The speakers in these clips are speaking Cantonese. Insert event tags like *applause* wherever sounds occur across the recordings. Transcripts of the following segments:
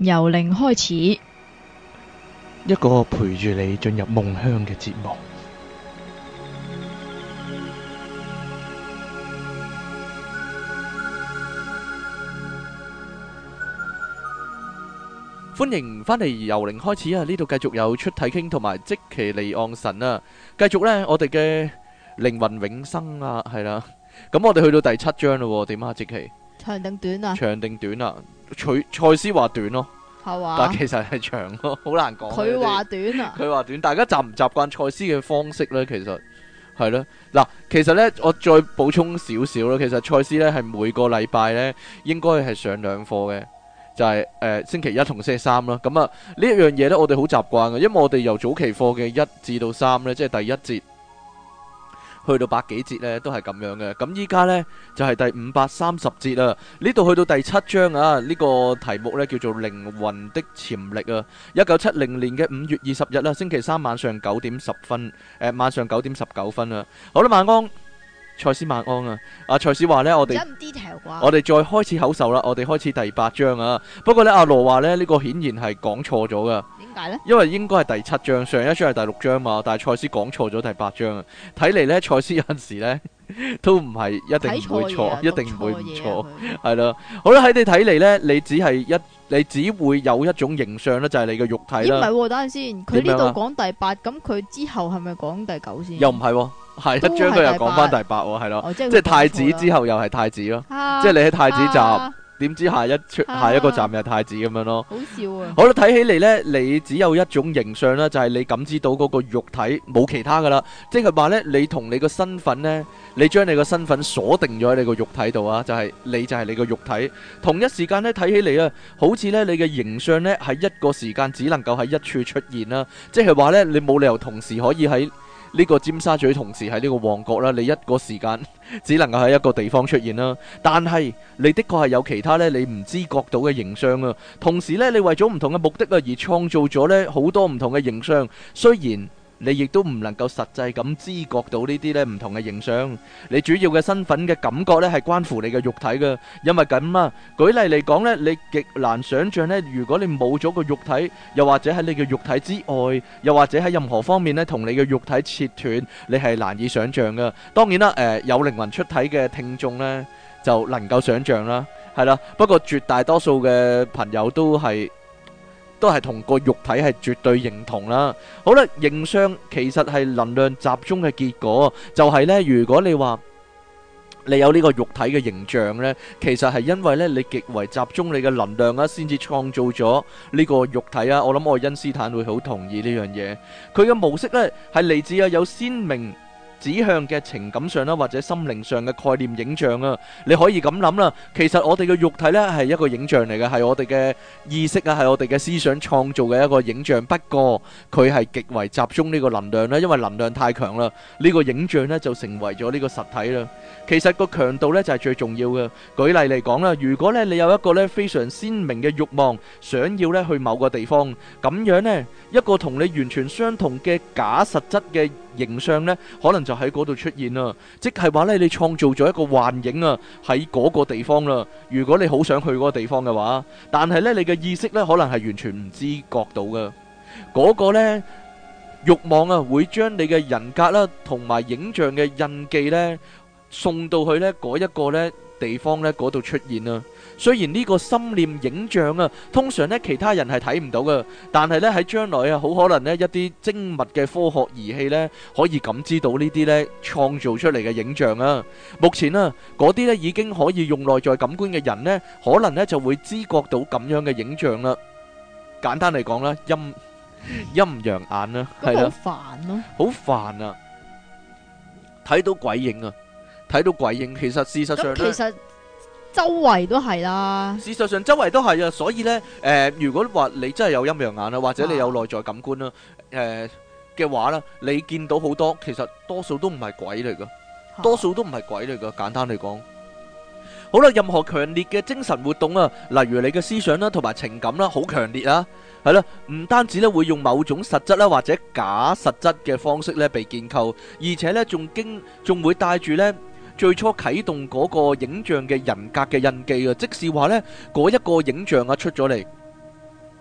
由零開始，一個陪住你進入夢鄉嘅節目。歡迎翻嚟由零開始啊！呢度繼續有出體傾同埋積奇離岸神啊！繼續呢，我哋嘅靈魂永生啊，係啦。咁我哋去到第七章咯，點啊？積奇長定短啊？長定短啊？取蔡思話短咯。但其實係長咯，好難講。佢話短啊！佢 *laughs* 話短，大家習唔習慣賽斯嘅方式呢？其實係咯，嗱，其實呢，我再補充少少咯。其實賽斯呢係每個禮拜呢應該係上兩課嘅，就係、是、誒、呃、星期一同星期三咯。咁啊呢一樣嘢呢我哋好習慣嘅，因為我哋由早期課嘅一至到三呢，即係第一節。去到百幾節呢都係咁樣嘅。咁依家呢，就係、是、第五百三十節啦。呢度去到第七章啊，呢、這個題目呢叫做《靈魂的潛力》啊。一九七零年嘅五月二十日啦，星期三晚上九點十分，誒、呃、晚上九點十九分啊。好啦，晚安。賽斯萬安啊！阿、啊、賽斯話呢，我哋我哋再開始口授啦，我哋開始第八章啊！不過呢，阿羅話呢，這個、顯呢個顯然係講錯咗噶。點解咧？因為應該係第七章，上一章係第六章嘛，但係賽斯講錯咗第八章啊！睇嚟呢，賽斯有陣時咧。都唔係一定唔會錯，一定唔會錯，係咯。好啦，喺你睇嚟咧，你只係一，你只會有一種形象咧，就係、是、你嘅肉體啦。唔係，等陣先，佢呢度講第八，咁佢、啊、之後係咪講第九先？又唔係、啊，係一張佢又講翻第八，係咯了、哦，即係太子之後又係太子咯，啊、即係你喺太子集。啊點知下一出下一個站又太子咁樣咯？好笑啊！好啦，睇起嚟呢，你只有一種形象啦，就係你感知到嗰個肉體冇其他噶啦，即係話呢，你同你個身份呢，你將你個身份鎖定咗喺你個肉體度啊，就係你就係你個肉體。同一時間呢，睇起嚟啊，好似呢，你嘅形象呢，喺一個時間只能夠喺一處出現啦，即係話呢，你冇理由同時可以喺。呢個尖沙咀同時喺呢個旺角啦，你一個時間 *laughs* 只能夠喺一個地方出現啦。但係你的確係有其他呢，你唔知覺到嘅形象啊。同時呢，你為咗唔同嘅目的啊，而創造咗呢好多唔同嘅形象，雖然。你亦都唔能夠實際咁知覺到呢啲呢唔同嘅形象。你主要嘅身份嘅感覺呢，係關乎你嘅肉體㗎，因為咁啊。舉例嚟講呢，你極難想像呢，如果你冇咗個肉體，又或者喺你嘅肉體之外，又或者喺任何方面呢，同你嘅肉體切斷，你係難以想像㗎。當然啦、啊，誒、呃、有靈魂出體嘅聽眾呢，就能夠想像啦，係啦。不過絕大多數嘅朋友都係，都係同個肉體係絕對認同啦。好啦，形相其實係能量集中嘅結果，就係咧，如果你話你有呢個肉體嘅形象咧，其實係因為咧你極為集中你嘅能量啊，先至創造咗呢個肉體啊。我諗愛因斯坦會好同意呢樣嘢，佢嘅模式咧係嚟自啊有鮮明指向嘅情感上啦，或者心靈上嘅概念影像啊，你可以咁諗啦。其實我哋嘅肉體咧係一個影像嚟嘅，係我哋嘅意識啊，係我哋嘅思想創造嘅一個影像。不過佢係極為集中呢個能量啦，因為能量太強啦，呢、這個影像咧就成為咗呢個實體啦。其實個強度咧就係、是、最重要嘅。舉例嚟講啦，如果咧你有一個咧非常鮮明嘅欲望，想要咧去某個地方，咁樣咧一個同你完全相同嘅假實質嘅。形象呢，可能就喺嗰度出現啦、啊，即係話呢，你創造咗一個幻影啊，喺嗰個地方啦。如果你好想去嗰個地方嘅話，但係呢，你嘅意識呢，可能係完全唔知覺到嘅。嗰個咧慾望啊，會將你嘅人格啦、啊，同埋影像嘅印記呢送到去呢嗰一個呢地方呢嗰度出現啊。雖然呢個心念影像啊，通常咧其他人係睇唔到㗎，但係咧喺將來啊，好可能咧一啲精密嘅科學儀器咧可以感知到呢啲咧創造出嚟嘅影像啊。目前啊，嗰啲咧已經可以用內在感官嘅人咧，可能咧就會知覺到咁樣嘅影像啦。簡單嚟講啦，陰陰陽眼啦，係啦，好煩咯，好煩啊，睇到鬼影啊，睇到鬼影，其實事實上咧。周圍都係啦，事實上周圍都係啊，所以呢，誒，如果話你真係有陰陽眼啦，或者你有內在感官啦，誒，嘅話啦，你見到好多，其實多數都唔係鬼嚟噶，多數都唔係鬼嚟噶，簡單嚟講，好啦，任何強烈嘅精神活動啊，例如你嘅思想啦，同埋情感啦，好強烈啊，係啦，唔單止咧會用某種實質啦或者假實質嘅方式咧被建構，而且呢仲經仲會帶住呢。最初啟動嗰個影像嘅人格嘅印記啊，即使話呢嗰一個影像啊出咗嚟，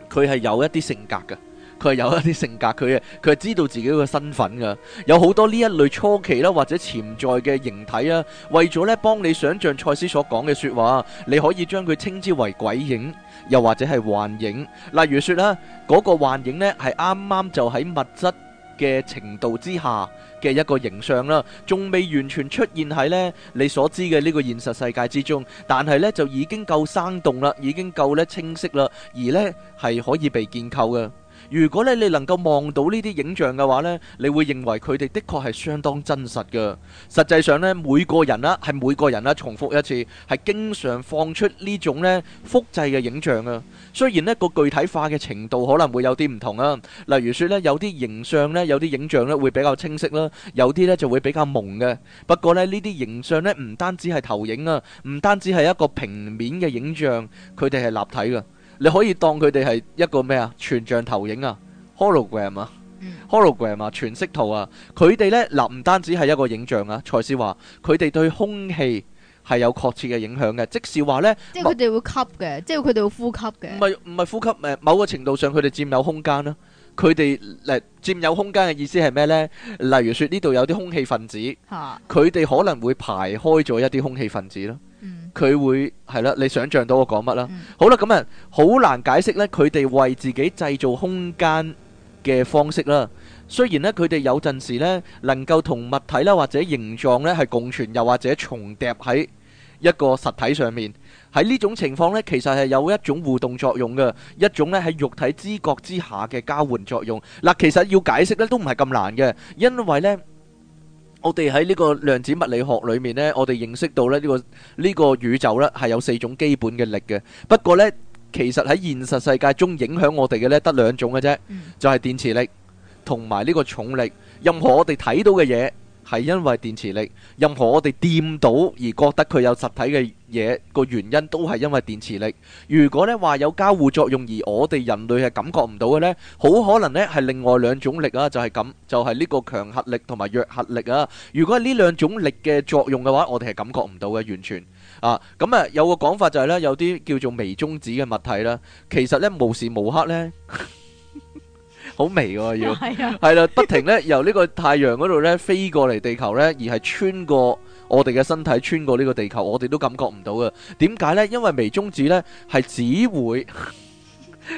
佢係有一啲性格嘅，佢係有一啲性格，佢係佢係知道自己個身份噶，有好多呢一類初期啦或者潛在嘅形體啊，為咗咧幫你想象賽斯所講嘅說話，你可以將佢稱之為鬼影，又或者係幻影，例如說啦，嗰個幻影呢係啱啱就喺物質嘅程度之下。嘅一個形象啦，仲未完全出現喺呢你所知嘅呢個現實世界之中，但係呢，就已經夠生動啦，已經夠呢清晰啦，而呢係可以被建構嘅。如果咧你能夠望到呢啲影像嘅話呢，你會認為佢哋的確係相當真實嘅。實際上呢，每個人啦，係每個人啦，重複一次係經常放出呢種咧複製嘅影像啊。雖然呢個具體化嘅程度可能會有啲唔同啊。例如說呢，有啲形象呢，有啲影像呢會比較清晰啦，有啲呢就會比較朦嘅。不過呢，呢啲形象呢，唔單止係投影啊，唔單止係一個平面嘅影像，佢哋係立體嘅。你可以當佢哋係一個咩啊？全像投影啊，hologram 啊、嗯、，hologram 啊，全息圖啊。佢哋呢，嗱、啊，唔單止係一個影像啊。賽斯話佢哋對空氣係有確切嘅影響嘅，即係話呢，即係佢哋會吸嘅，不即係佢哋會呼吸嘅。唔係唔係呼吸，某個程度上佢哋佔有空間啦、啊。佢哋誒佔有空間嘅意思係咩呢？例如説呢度有啲空氣分子，佢哋哈 可能會排開咗一啲空氣分子啦。佢會係啦，你想像到我講乜啦？嗯、好啦，咁啊，好難解釋呢。佢哋為自己製造空間嘅方式啦。雖然呢，佢哋有陣時呢，能夠同物體啦或者形狀呢係共存，又或者重疊喺一個實體上面。喺呢種情況呢，其實係有一種互動作用嘅，一種呢喺肉體知覺之下嘅交換作用。嗱、呃，其實要解釋呢都唔係咁難嘅，因為呢。我哋喺呢個量子物理學裏面咧，我哋認識到咧呢個呢個宇宙咧係有四種基本嘅力嘅。不過咧，其實喺現實世界中影響我哋嘅咧得兩種嘅啫，就係電磁力同埋呢個重力，任何我哋睇到嘅嘢，係因為電磁力，任何我哋掂到而覺得佢有實體嘅嘢，個原因都係因為電磁力。如果呢話有交互作用而我哋人類係感覺唔到嘅呢，好可能呢係另外兩種力啊，就係咁，就係呢個強核力同埋弱核力啊。如果係呢兩種力嘅作用嘅話，我哋係感覺唔到嘅完全啊。咁啊，有個講法就係呢，有啲叫做微中子嘅物體啦，其實呢無時無刻呢。好微㗎要，係啦， *laughs* 不停咧由呢個太陽嗰度咧飛過嚟地球咧，而係穿過我哋嘅身體，穿過呢個地球，我哋都感覺唔到嘅。點解呢？因為微中子呢係只會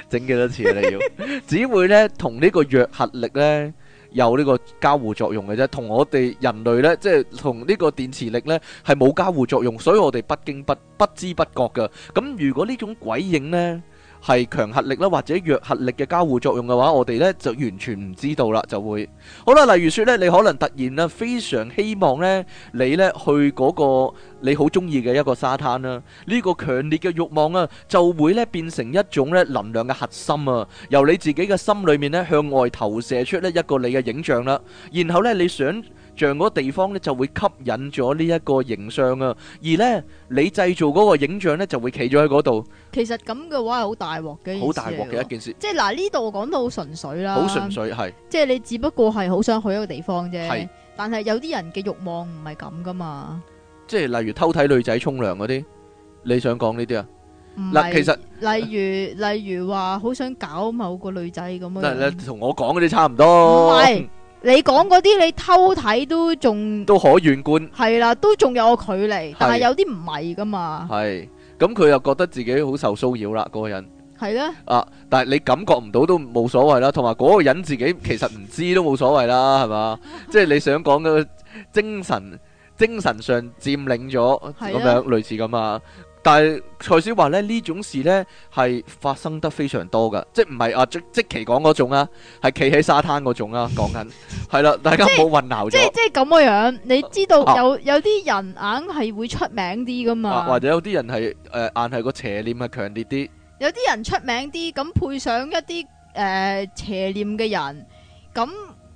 整幾 *laughs* 多次啊！你要， *laughs* 只會咧同呢個弱核力咧有呢個交互作用嘅啫，同我哋人類呢，即係同呢個電磁力呢，係冇交互作用，所以我哋不經不不知不覺嘅。咁如果呢種鬼影呢？係強核力啦，或者弱核力嘅交互作用嘅話，我哋呢就完全唔知道啦，就會。好啦，例如說呢，你可能突然啦，非常希望呢，你呢去嗰個你好中意嘅一個沙灘啦，呢個強烈嘅慾望啊，就會呢變成一種呢能量嘅核心啊，由你自己嘅心裏面呢向外投射出呢一個你嘅影像啦，然後呢你想。像嗰地方咧，就會吸引咗呢一個形象啊。而咧，你製造嗰個影像咧，就會企咗喺嗰度。其實咁嘅話，係好大鑊嘅。好大鑊嘅一件事。即係嗱，呢度講到好純粹啦。好純粹係。即係你只不過係好想去一個地方啫。係。但係有啲人嘅欲望唔係咁噶嘛。即係例如偷睇女仔沖涼嗰啲，你想講呢啲啊？嗱，其實例如例如話，好想搞某個女仔咁樣。同我講嗰啲差唔多。唔係。你講嗰啲，你偷睇都仲都可遠觀，係啦，都仲有個距離，但係有啲唔係噶嘛。係，咁佢又覺得自己好受騷擾啦，嗰、嗰個人係咧。的啊，但係你感覺唔到都冇所謂啦，同埋嗰個人自己其實唔知都冇所謂啦，係嘛？ *laughs* 即係你想講嘅精神，精神上佔領咗咁樣，的類似咁啊。但係蔡小華咧，呢種事咧係發生得非常多噶，即係唔係阿即即其講嗰種啊，係企喺沙灘嗰種啊，講緊係啦，大家唔好混淆咗。即即咁嘅樣，你知道有、啊、有啲人硬係會出名啲噶嘛、啊？或者有啲人係誒、呃、硬係個邪念係強烈啲。有啲人出名啲，咁配上一啲誒、呃、邪念嘅人，咁。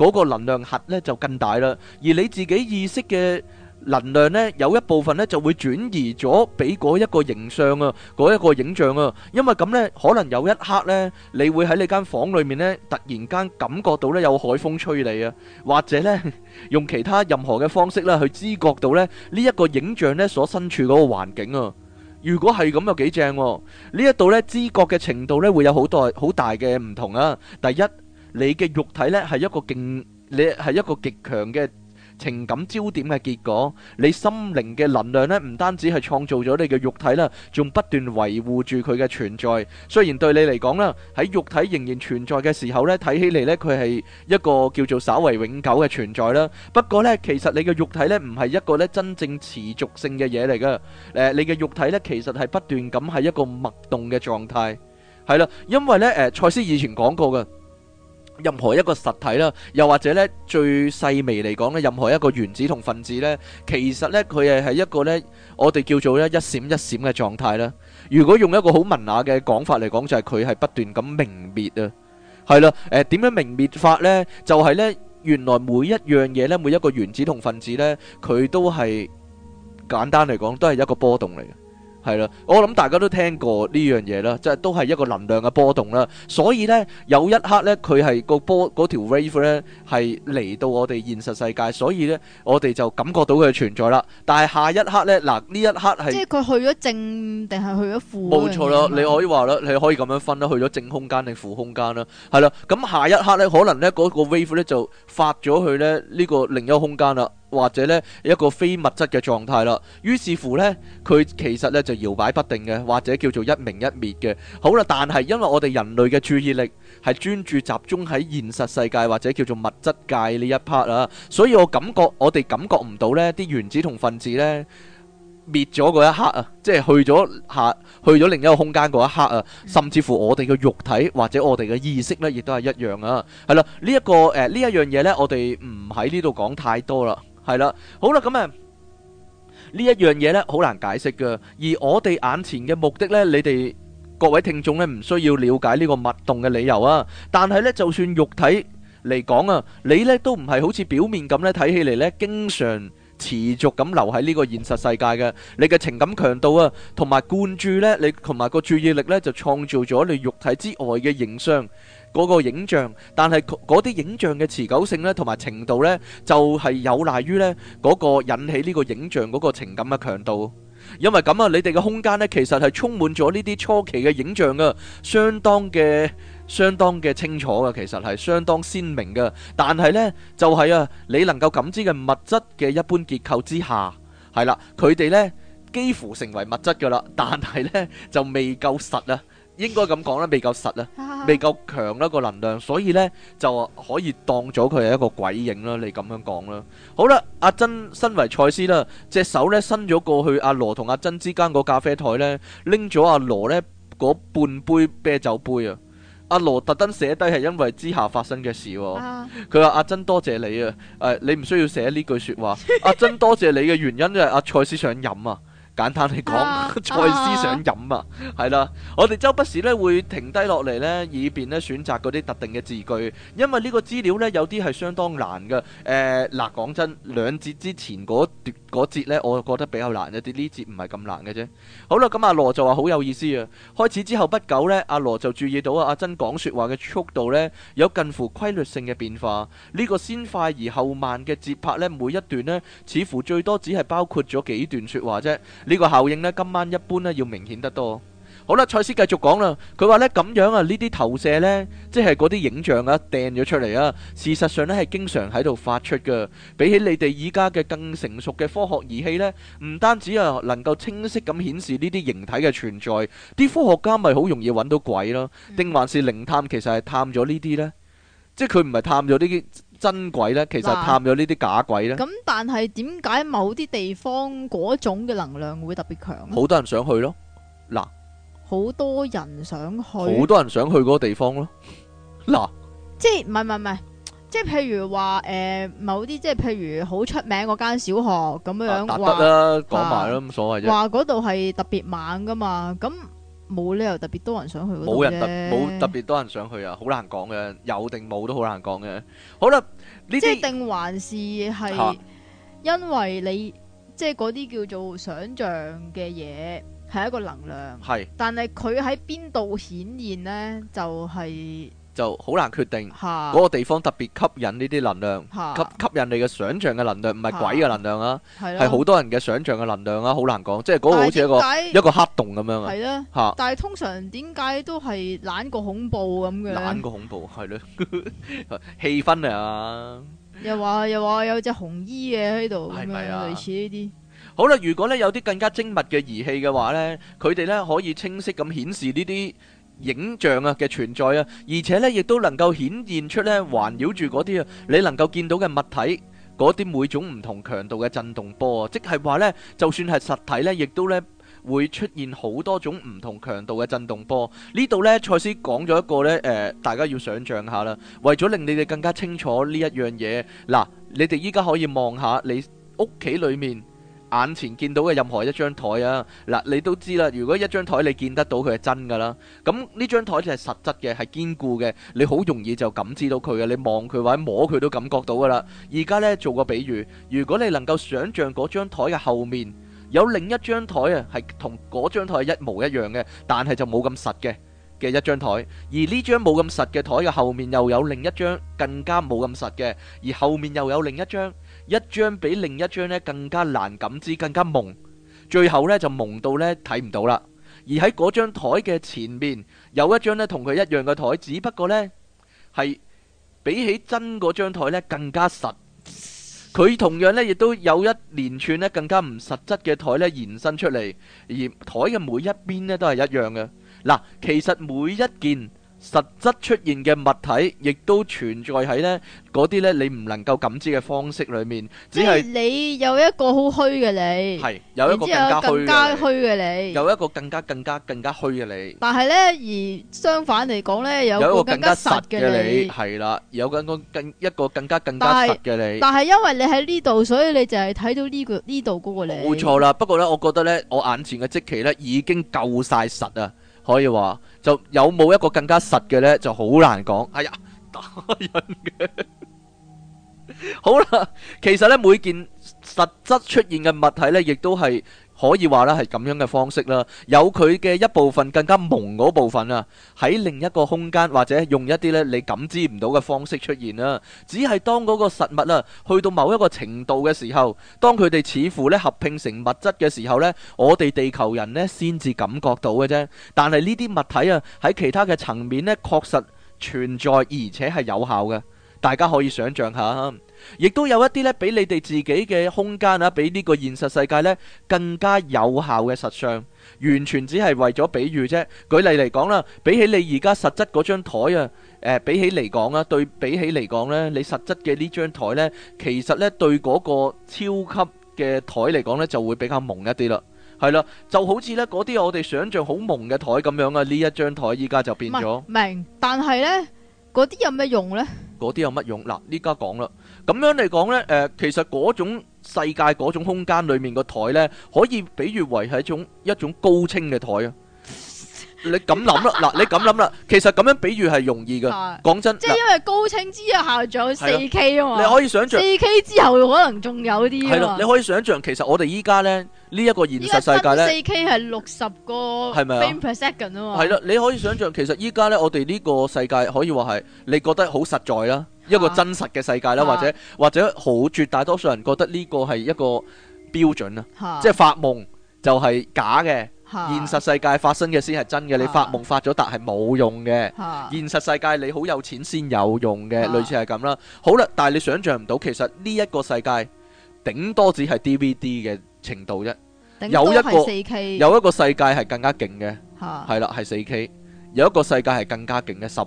嗰個能量核咧就更大啦，而你自己意識嘅能量咧有一部分咧就會轉移咗俾嗰一個形象啊，嗰一個影像啊，因為咁咧可能有一刻咧，你會喺你間房裏面咧突然間感覺到咧有海風吹你啊，或者咧用其他任何嘅方式咧去知覺到咧呢一個影像咧所身處嗰個環境啊，如果係咁又幾正喎？呢一度咧知覺嘅程度咧會有好多好大嘅唔同啊，第一。你嘅肉體咧係一個勁，你係一個極強嘅情感焦點嘅結果。你心靈嘅能量咧，唔單止係創造咗你嘅肉體啦，仲不斷維護住佢嘅存在。雖然對你嚟講啦，喺肉體仍然存在嘅時候咧，睇起嚟咧佢係一個叫做稍為永久嘅存在啦。不過咧，其實你嘅肉體咧唔係一個咧真正持續性嘅嘢嚟噶。誒，你嘅肉體咧其實係不斷咁係一個脈動嘅狀態係啦，因為咧誒，賽斯以前講過噶。任何一個實體啦，又或者呢最細微嚟講呢，任何一個原子同分子呢，其實呢佢誒係一個呢，我哋叫做呢一閃一閃嘅狀態啦。如果用一個好文雅嘅講法嚟講，就係佢係不斷咁明滅啊，係啦，誒點樣明滅法呢？就係呢，原來每一樣嘢呢，每一個原子同分子呢，佢都係簡單嚟講都係一個波動嚟嘅。係啦，我諗大家都聽過呢樣嘢啦，即係都係一個能量嘅波動啦。所以呢，有一刻呢，佢係個波嗰條 wave 呢，係嚟到我哋現實世界，所以呢，我哋就感覺到佢存在啦。但係下一刻呢，嗱呢一刻係即係佢去咗正定係去咗負，冇錯啦，你可以話啦，你可以咁樣分啦，去咗正空間定負空間啦，係啦。咁下一刻呢，可能呢嗰個 wave 呢就發咗去呢，呢個另一個空間啦。或者呢，一個非物質嘅狀態啦，於是乎呢，佢其實呢就搖擺不定嘅，或者叫做一明一滅嘅。好啦，但係因為我哋人類嘅注意力係專注集中喺現實世界或者叫做物質界呢一 part 啊，所以我感覺，我哋感覺唔到呢啲原子同分子呢滅咗嗰一刻啊，即係去咗下去咗另一個空間嗰一刻啊，甚至乎我哋嘅肉體或者我哋嘅意識呢，亦都係一樣啊。係啦，呢、這、一個誒呢一樣嘢呢，我哋唔喺呢度講太多啦。係啦，好啦，咁啊呢一樣嘢呢，好難解釋噶。而我哋眼前嘅目的呢，你哋各位聽眾呢，唔需要了解呢個脈動嘅理由啊。但係呢，就算肉體嚟講啊，你呢都唔係好似表面咁呢睇起嚟呢，經常持續咁留喺呢個現實世界嘅。你嘅情感強度啊，同埋灌注呢，你同埋個注意力呢，就創造咗你肉體之外嘅影像。嗰個影像，但係嗰啲影像嘅持久性呢，同埋程度呢，就係有賴於呢嗰個引起呢個影像嗰個情感嘅強度。因為咁啊，你哋嘅空間呢，其實係充滿咗呢啲初期嘅影像啊，相當嘅、相當嘅清楚啊，其實係相當鮮明嘅。但係呢，就係啊，你能夠感知嘅物質嘅一般結構之下，係啦，佢哋呢幾乎成為物質嘅啦，但係呢，就未夠實啊。應該咁講啦，未夠實啊，未夠強啦個能量，所以呢，就可以當咗佢係一個鬼影啦。你咁樣講啦，好啦，阿珍身為賽斯啦，隻手咧伸咗過去，阿羅同阿珍之間個咖啡台呢，拎咗阿羅呢嗰半杯啤酒杯啊。阿羅特登寫低係因為之下發生嘅事喎。佢話、啊、阿珍多謝你啊，誒、哎、你唔需要寫呢句説話。 *laughs* 阿珍多謝你嘅原因就係阿賽斯想飲啊。簡單嚟講，賽斯、啊啊、 *laughs* 想飲啊，係啦，我哋周不時咧會停低落嚟咧，以便咧選擇嗰啲特定嘅字句，因為呢個資料咧有啲係相當難嘅。誒、呃、嗱，講、呃、真，兩節之前嗰段嗰節咧，我覺得比較難一啲，呢節唔係咁難嘅啫。好啦，咁、啊、阿羅就話好有意思啊。開始之後不久咧，阿、啊、羅就注意到阿阿珍講說話嘅速度咧有近乎規律性嘅變化，呢、這個先快而後慢嘅節拍咧，每一段咧似乎最多只係包括咗幾段說話啫。呢個效應呢，今晚一般呢要明顯得多。好啦，賽斯繼續講啦，佢話呢咁樣啊，呢啲投射呢，即係嗰啲影像啊，掟咗出嚟啊。事實上呢係經常喺度發出嘅。比起你哋依家嘅更成熟嘅科學儀器呢，唔單止啊，能夠清晰咁顯示呢啲形體嘅存在，啲科學家咪好容易揾到鬼咯。定、嗯、還是靈探其實係探咗呢啲呢？即係佢唔係探咗呢啲。真鬼咧，其實探咗呢啲假鬼咧。咁但係點解某啲地方嗰種嘅能量會特別強？好多人想去咯，嗱，好多人想去，好多人想去嗰個地方咯，嗱，即係唔係唔係唔係，即係譬如話誒、呃，某啲即係譬如好出名嗰間小學咁樣，達德啦，講埋啦，咁所謂啫。話嗰度係特別猛噶嘛，咁。冇理由特別多人想去嗰啲呢，冇人特冇特別多人想去啊，好難講嘅，有定冇都好難講嘅。好啦，即定還是係因為你、啊、即係嗰啲叫做想像嘅嘢係一個能量，係是，但係佢喺邊度顯現呢？就係、是。就好難決定嗰個哈個地方特別吸引呢啲能量，哈吸吸引你嘅想象嘅能量，唔係鬼嘅能量啊，係好哈多人嘅想象嘅能量啊，好難講，即係嗰好似一個一個黑洞咁樣啊。了哈但係通常點解都係懶過恐怖咁嘅？懶過恐怖係咯，氣 *laughs* 氛啊！又話又話有隻紅衣嘅喺度，係咪啊？類似呢啲。好啦，如果咧有啲更加精密嘅儀器嘅話呢，佢哋呢可以清晰咁顯示呢啲。影像啊嘅存在啊，而且咧亦都能夠顯現出咧環繞住嗰啲啊，你能夠見到嘅物體嗰啲每種唔同強度嘅震動波啊，即係話咧，就算係實體咧，亦都咧會出現好多種唔同強度嘅震動波。呢，呢，呢度咧，賽斯講咗一個咧，誒、呃、大家要想象下啦。為咗令你哋更加清楚呢一樣嘢，嗱，你哋依家可以望下你屋企裏面。眼前見到嘅任何一張枱啊，嗱，你都知啦。如果一張枱你見得到，佢係真㗎啦。咁呢張枱就係實質嘅，係堅固嘅。你好容易就感知到佢嘅，你望佢或者摸佢都感覺到㗎啦。而家呢，做個比喻，如果你能夠想像嗰張枱嘅後面有另一張枱啊，係同嗰張枱一模一樣嘅，但係就冇咁實嘅嘅一張枱。而呢張冇咁實嘅枱嘅後面又有另一張更加冇咁實嘅，而後面又有另一張。一張比另一張呢更加難感知，更加蒙，最後呢就蒙到呢睇唔到啦。而喺嗰張台嘅前面，有一張呢同佢一樣嘅台，只不過呢係比起真嗰張台呢更加實。佢同樣呢亦都有一連串呢更加唔實質嘅台呢延伸出嚟，而台嘅每一邊呢都係一樣嘅。嗱，其實每一件。實質出現嘅物體，亦都存在喺呢嗰啲呢你唔能夠感知嘅方式裏面，只係你有一個好虛嘅你，係有一個更加虛嘅你，有一個更加更加更加虛嘅你。但係呢，而相反嚟講呢，有一個更加實嘅你，係啦，有個更一個更加更加實嘅你。但係因為你喺呢度，所以你就係睇到呢個呢度嗰個你。冇錯啦，不過呢，我覺得呢，我眼前嘅即期呢已經夠晒實啊！可以話就有冇一個更加實嘅呢？就好難講。哎呀，打人嘅， *laughs* 好啦，其實呢，每件實質出現嘅物體呢，亦都係。可以話咧係咁樣嘅方式啦，有佢嘅一部分更加朦嗰部分啦，喺另一個空間或者用一啲咧你感知唔到嘅方式出現啦。只係當嗰個實物啦去到某一個程度嘅時候，當佢哋似乎呢合併成物質嘅時候呢，我哋地球人呢先至感覺到嘅啫。但係呢啲物體啊喺其他嘅層面呢確實存在，而且係有效嘅，大家可以想像下。亦都有一啲咧，俾你哋自己嘅空間啊，俾呢個現實世界咧更加有效嘅實相，完全只係為咗比喻啫。舉例嚟講啦，比起你而家實質嗰張台啊，誒、呃、比起嚟講啊，對比起嚟講咧，你實質嘅呢張台咧，其實咧對嗰個超級嘅台嚟講咧就會比較朦一啲啦。係啦，就好似咧嗰啲我哋想象好朦嘅台咁樣啊。呢一張台依家就變咗明，明，但係咧嗰啲有咩用咧？嗰啲有乜用嗱？呢家講啦。咁樣嚟講咧，誒，其實嗰種世界、嗰種空間裏面個台咧，可以比喻為係一種一種高清嘅台啊。你咁諗啦，嗱，你咁諗啦，其實咁樣比喻係容易噶。講真，即係因為高清之後下仲有 4K 啊嘛。你可以想象 4K 之後可能仲有啲。係咯，你可以想象，其實我哋依家咧呢一個現實世界咧，因為 4K 係六十個，係咪啊？係咯，你可以想象，其實依家咧我哋呢個世界可以話係你覺得好實在啦。一個真實嘅世界啦、啊，或者或者好絕大多數人覺得呢個係一個標準啦，啊、即係發夢就係假嘅，啊、現實世界發生嘅先係真嘅。啊、你發夢發咗，但係冇用嘅。啊、現實世界你好有錢先有用嘅，啊、類似係咁啦。好啦，但係你想象唔到，其實呢一個世界頂多只係 D V D 嘅程度啫。有一個有一個世界係更加勁嘅，係啦，係四 K。有一個世界係更加勁嘅十。啊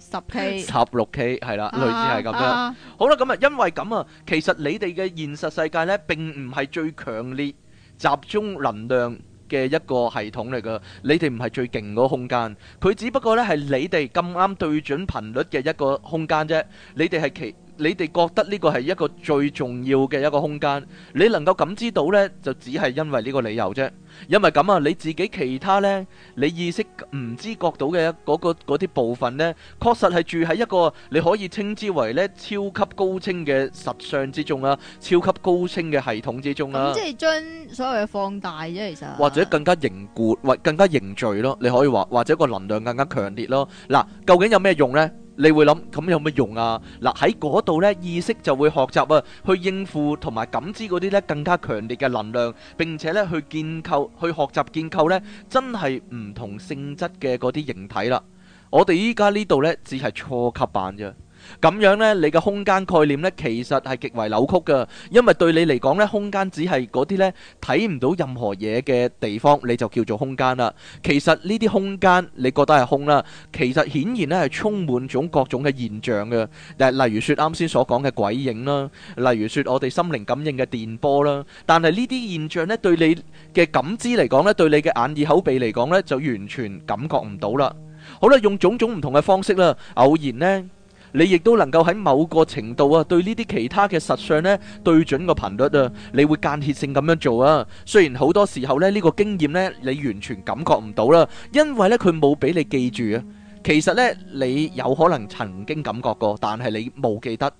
十 K, K、十六 K 係啦，類似係咁樣。啊、好啦，咁啊，因為咁啊，其實你哋嘅現實世界呢，並唔係最強烈集中能量嘅一個系統嚟噶。你哋唔係最勁嗰個空間，佢只不過呢係你哋咁啱對準頻率嘅一個空間啫。你哋係其。你哋覺得呢個係一個最重要嘅一個空間，你能夠感知到呢，就只係因為呢個理由啫。因為咁啊，你自己其他呢，你意識唔知覺到嘅嗰個嗰啲部分呢，確實係住喺一個你可以稱之為呢超級高清嘅實相之中啊，超級高清嘅系統之中啊。即係將所有嘢放大啫，其實。或者更加凝固，或者更加凝聚咯。你可以話，或者個能量更加強烈咯。嗱，究竟有咩用呢？你會諗咁有乜用啊？嗱，喺嗰度咧，意識就會學習啊，去應付同埋感知嗰啲呢更加強烈嘅能量，並且呢去建構、去學習建構呢真係唔同性質嘅嗰啲形體啦。我哋依家呢度呢，只係初級版啫。咁樣呢，你嘅空間概念呢，其實係極為扭曲嘅，因為對你嚟講呢，空間只係嗰啲呢睇唔到任何嘢嘅地方，你就叫做空間啦。其實呢啲空間你覺得係空啦，其實顯然呢係充滿種各種嘅現象嘅。例如説啱先所講嘅鬼影啦，例如説我哋心靈感應嘅電波啦，但係呢啲現象呢，對你嘅感知嚟講呢，對你嘅眼耳口鼻嚟講呢，就完全感覺唔到啦。好啦，用種種唔同嘅方式啦，偶然呢。你亦都能夠喺某個程度啊，對呢啲其他嘅實相咧，對準個頻率啊，你會間歇性咁樣做啊。雖然好多時候咧，呢個經驗咧，你完全感覺唔到啦，因為呢，佢冇俾你記住啊。其實呢，你有可能曾經感覺過，但係你冇記得。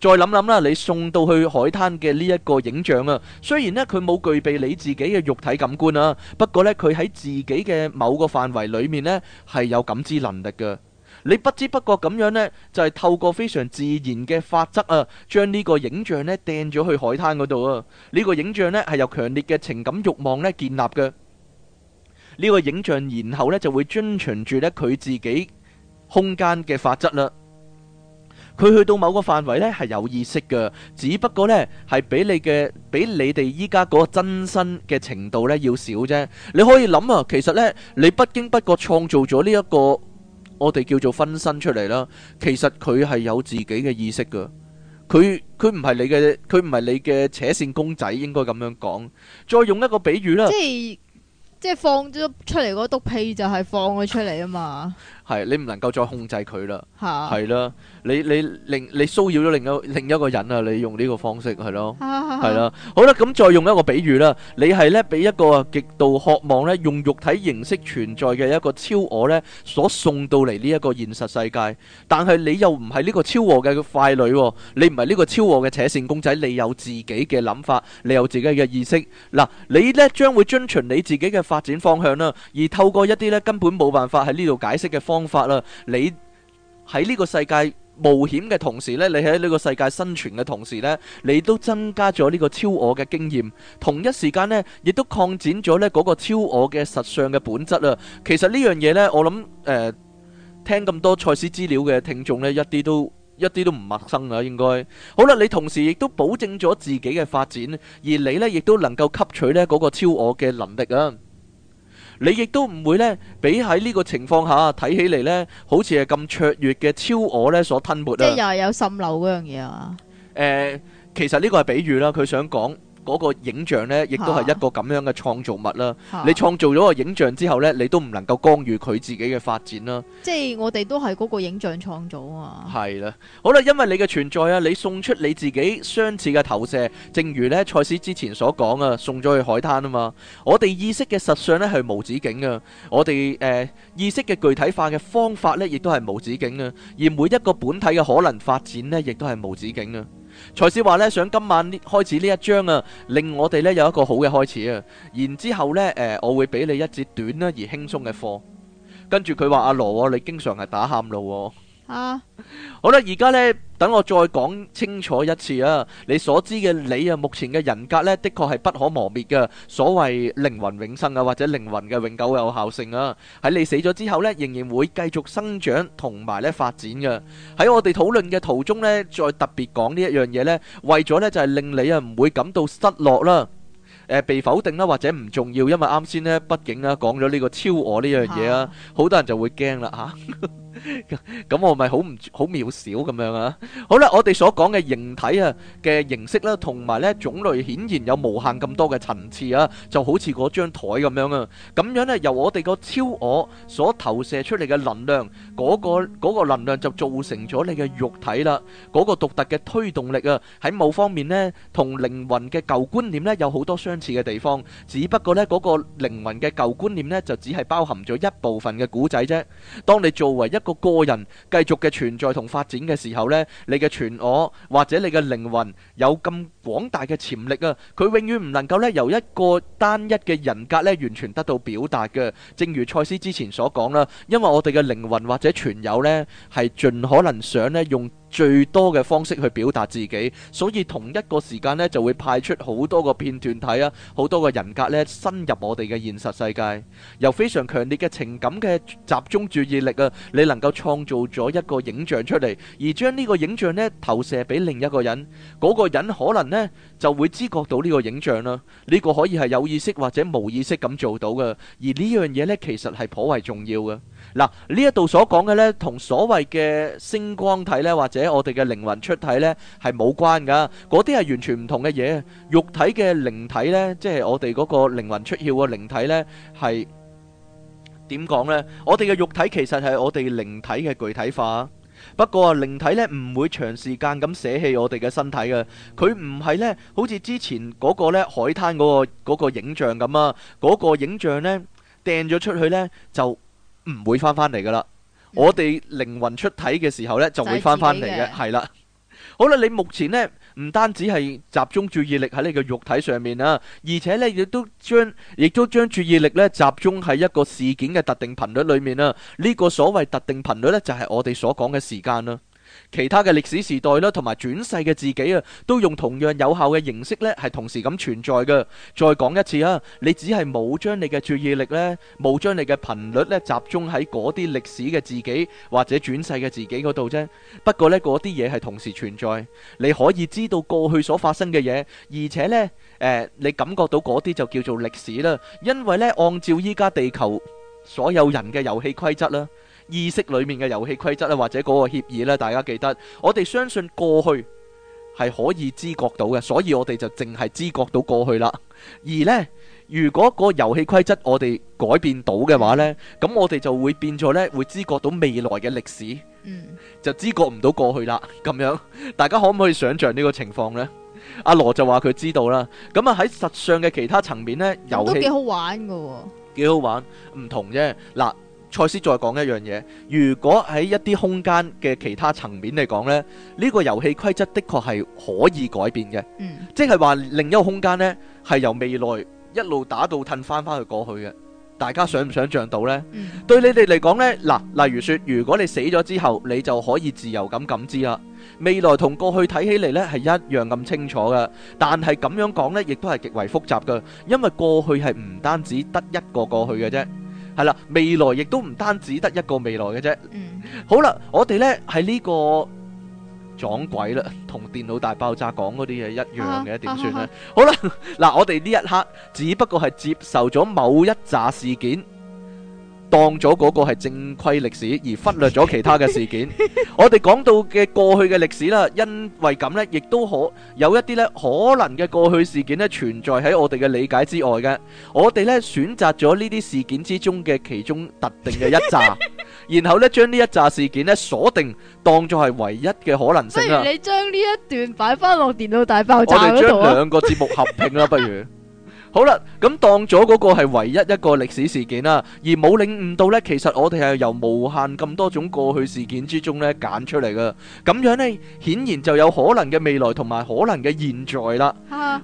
再諗諗啦，你送到去海灘嘅呢一個影像啊，雖然呢，佢冇具備你自己嘅肉體感官啊，不過呢，佢喺自己嘅某個範圍裏面呢，係有感知能力嘅。你不知不覺咁樣呢，就係、是、透過非常自然嘅法則啊，將呢個影像呢掟咗去海灘嗰度啊。呢個影像呢，係、這個、由強烈嘅情感欲望呢建立嘅。呢、這個影像然後呢，就會遵循住呢佢自己空間嘅法則啦。佢去到某個範圍呢，係有意識嘅，只不過呢，係比你嘅比你哋依家嗰個真身嘅程度呢要少啫。你可以諗啊，其實呢，你不經不覺創造咗呢一個。我哋叫做分身出嚟啦，其實佢係有自己嘅意識噶，佢佢唔係你嘅，佢唔係你嘅扯線公仔，應該咁樣講。再用一個比喻啦，即係即係放咗出嚟嗰督屁，就係放咗出嚟啊嘛。 *laughs* 係你唔能夠再控制佢啦，係啦，你你另你騷擾咗另一另一個人啊！你用呢個方式係咯，係啦，好啦，咁再用一個比喻啦，你係呢俾一個極度渴望呢用肉體形式存在嘅一個超我呢所送到嚟呢一個現實世界，但係你又唔係呢個超我嘅傀儡，你唔係呢個超我嘅扯線公仔，你有自己嘅諗法，你有自己嘅意識，嗱，你呢將會遵循你自己嘅發展方向啦，而透過一啲呢根本冇辦法喺呢度解釋嘅方。法啦，你喺呢個世界冒險嘅同時咧，你喺呢個世界生存嘅同時咧，你都增加咗呢個超我嘅經驗，同一時間呢，亦都擴展咗呢嗰個超我嘅實相嘅本質啦。其實呢樣嘢呢，我諗誒、呃，聽咁多賽斯資料嘅聽眾呢，一啲都一啲都唔陌生啊。應該好啦，你同時亦都保證咗自己嘅發展，而你呢，亦都能夠吸取呢嗰個超我嘅能力啊。你亦都唔會咧，俾喺呢個情況下睇起嚟咧，好似係咁卓越嘅超我咧，所吞沒啊！即係又係有滲漏嗰樣嘢啊！誒、呃，其實呢個係比喻啦，佢想講。嗰個影像呢，亦都係一個咁樣嘅創造物啦。啊、你創造咗個影像之後呢，你都唔能夠干預佢自己嘅發展啦。即係我哋都係嗰個影像創造啊。係啦，好啦，因為你嘅存在啊，你送出你自己相似嘅投射，正如呢賽斯之前所講啊，送咗去海灘啊嘛。我哋意識嘅實相呢係無止境啊，我哋誒、呃、意識嘅具體化嘅方法呢，亦都係無止境啊，而每一個本體嘅可能發展呢，亦都係無止境啊。賽斯話呢，想今晚開始呢一章啊，令我哋呢有一個好嘅開始啊。然之後呢，誒、呃，我會俾你一節短啦而輕鬆嘅課。跟住佢話：阿羅，你經常係打喊路喎、啊。啊，好啦，而家呢，等我再講清楚一次啊！你所知嘅你啊，目前嘅人格呢，的確係不可磨滅嘅。所謂靈魂永生啊，或者靈魂嘅永久有效性啊，喺你死咗之後呢，仍然會繼續生長同埋呢發展嘅。喺我哋討論嘅途中呢，再特別講呢一樣嘢呢，為咗呢，就係、是、令你啊唔會感到失落啦、呃，被否定啦，或者唔重要。因為啱先呢，畢竟啦，講咗呢個超我呢樣嘢啊，好、啊、多人就會驚啦吓。啊咁我咪好唔好渺小咁樣啊？好啦，我哋所講嘅形體啊嘅形式啦，同埋呢種類，顯然有無限咁多嘅層次啊，就好似嗰張台咁樣啊。咁樣呢，由我哋個超我所投射出嚟嘅能量，嗰個嗰個能量就造成咗你嘅肉體啦。嗰個獨特嘅推動力啊，喺某方面呢，同靈魂嘅舊觀念呢有好多相似嘅地方。只不過呢，嗰個靈魂嘅舊觀念呢就只係包含咗一部分嘅古仔啫。當你作為一個個人繼續嘅存在同發展嘅時候呢，你嘅全我或者你嘅靈魂有咁廣大嘅潛力啊！佢永遠唔能夠呢由一個單一嘅人格呢完全得到表達嘅。正如賽斯之前所講啦，因為我哋嘅靈魂或者存有呢，係盡可能想呢用。最多嘅方式去表達自己，所以同一個時間呢，就會派出好多個片段睇啊，好多個人格呢，深入我哋嘅現實世界，由非常強烈嘅情感嘅集中注意力啊，你能夠創造咗一個影像出嚟，而將呢個影像呢，投射俾另一個人，嗰個人可能呢，就會知覺到呢個影像啦。呢個可以係有意識或者無意識咁做到嘅，而呢樣嘢呢，其實係頗為重要嘅。嗱，呢一度所講嘅呢，同所謂嘅星光體呢，或者我哋嘅靈魂出體呢，係冇關噶。嗰啲係完全唔同嘅嘢。肉體嘅靈體呢，即係我哋嗰個靈魂出竅嘅靈體呢，係點講呢？我哋嘅肉體其實係我哋靈體嘅具體化。不過靈體呢，唔會長時間咁捨棄我哋嘅身體嘅。佢唔係呢，好似之前嗰個呢，海灘嗰個嗰個影像咁啊。嗰個影像呢，掟咗出去呢就。唔會翻翻嚟噶啦，嗯、我哋靈魂出體嘅時候呢，就會翻翻嚟嘅，係啦。好啦，你目前呢，唔單止係集中注意力喺你嘅肉體上面啊，而且呢，亦都將亦都將注意力呢集中喺一個事件嘅特定頻率裏面啊。呢個所謂特定頻率呢，就係我哋所講嘅時間啦。其他嘅歷史時代啦，同埋轉世嘅自己啊，都用同樣有效嘅形式咧，係同時咁存在嘅。再講一次啊，你只係冇將你嘅注意力咧，冇將你嘅頻率咧集中喺嗰啲歷史嘅自己或者轉世嘅自己嗰度啫。不過呢，嗰啲嘢係同時存在，你可以知道過去所發生嘅嘢，而且呢，誒、呃，你感覺到嗰啲就叫做歷史啦。因為呢，按照依家地球所有人嘅遊戲規則啦。意識裏面嘅遊戲規則咧、啊，或者嗰個協議、啊、大家記得。我哋相信過去係可以知覺到嘅，所以我哋就淨係知覺到過去啦。而呢，如果個遊戲規則我哋改變到嘅話呢，咁我哋就會變咗呢會知覺到未來嘅歷史，嗯、就知覺唔到過去啦。咁樣，大家可唔可以想象呢個情況呢？阿、啊、羅就話佢知道啦。咁啊喺實相嘅其他層面呢，遊戲都幾好玩嘅、哦，幾好玩，唔同啫。嗱。賽斯再講一樣嘢，如果喺一啲空間嘅其他層面嚟講咧，呢、呢個遊戲規則的確係可以改變嘅，即係話另一個空間呢係由未來一路打到褪翻翻去過去嘅，大家想唔想像到呢？嗯、對你哋嚟講呢，嗱，例如說，如果你死咗之後，你就可以自由咁感知啦。未來同過去睇起嚟呢係一樣咁清楚嘅，但係咁樣講呢，亦都係極為複雜嘅，因為過去係唔單止得一個過去嘅啫。係啦，未來亦都唔單止得一個未來嘅啫。嗯、好啦，我哋呢係呢、呢個撞鬼啦，同電腦大爆炸講嗰啲嘢一樣嘅，點算、啊、呢？啊啊啊、好啦，嗱，我哋呢一刻只不過係接受咗某一紮事件。當咗嗰個係正規歷史，而忽略咗其他嘅事件。 *laughs* 我哋講到嘅過去嘅歷史啦，因為咁呢，亦都可有一啲呢可能嘅過去事件呢存在喺我哋嘅理解之外嘅。我哋呢，選擇咗呢啲事件之中嘅其中特定嘅一紮， *laughs* 然後呢，將呢一紮事件呢鎖定當作係唯一嘅可能性啦。不如你將呢一段擺翻落電腦大爆炸。我哋將兩個節目合併啦，不如。好啦，咁當咗嗰個係唯一一個歷史事件啦，而冇領悟到呢，其實我哋係由無限咁多種過去事件之中呢揀出嚟噶。咁樣呢，顯然就有可能嘅未來同埋可能嘅現在啦。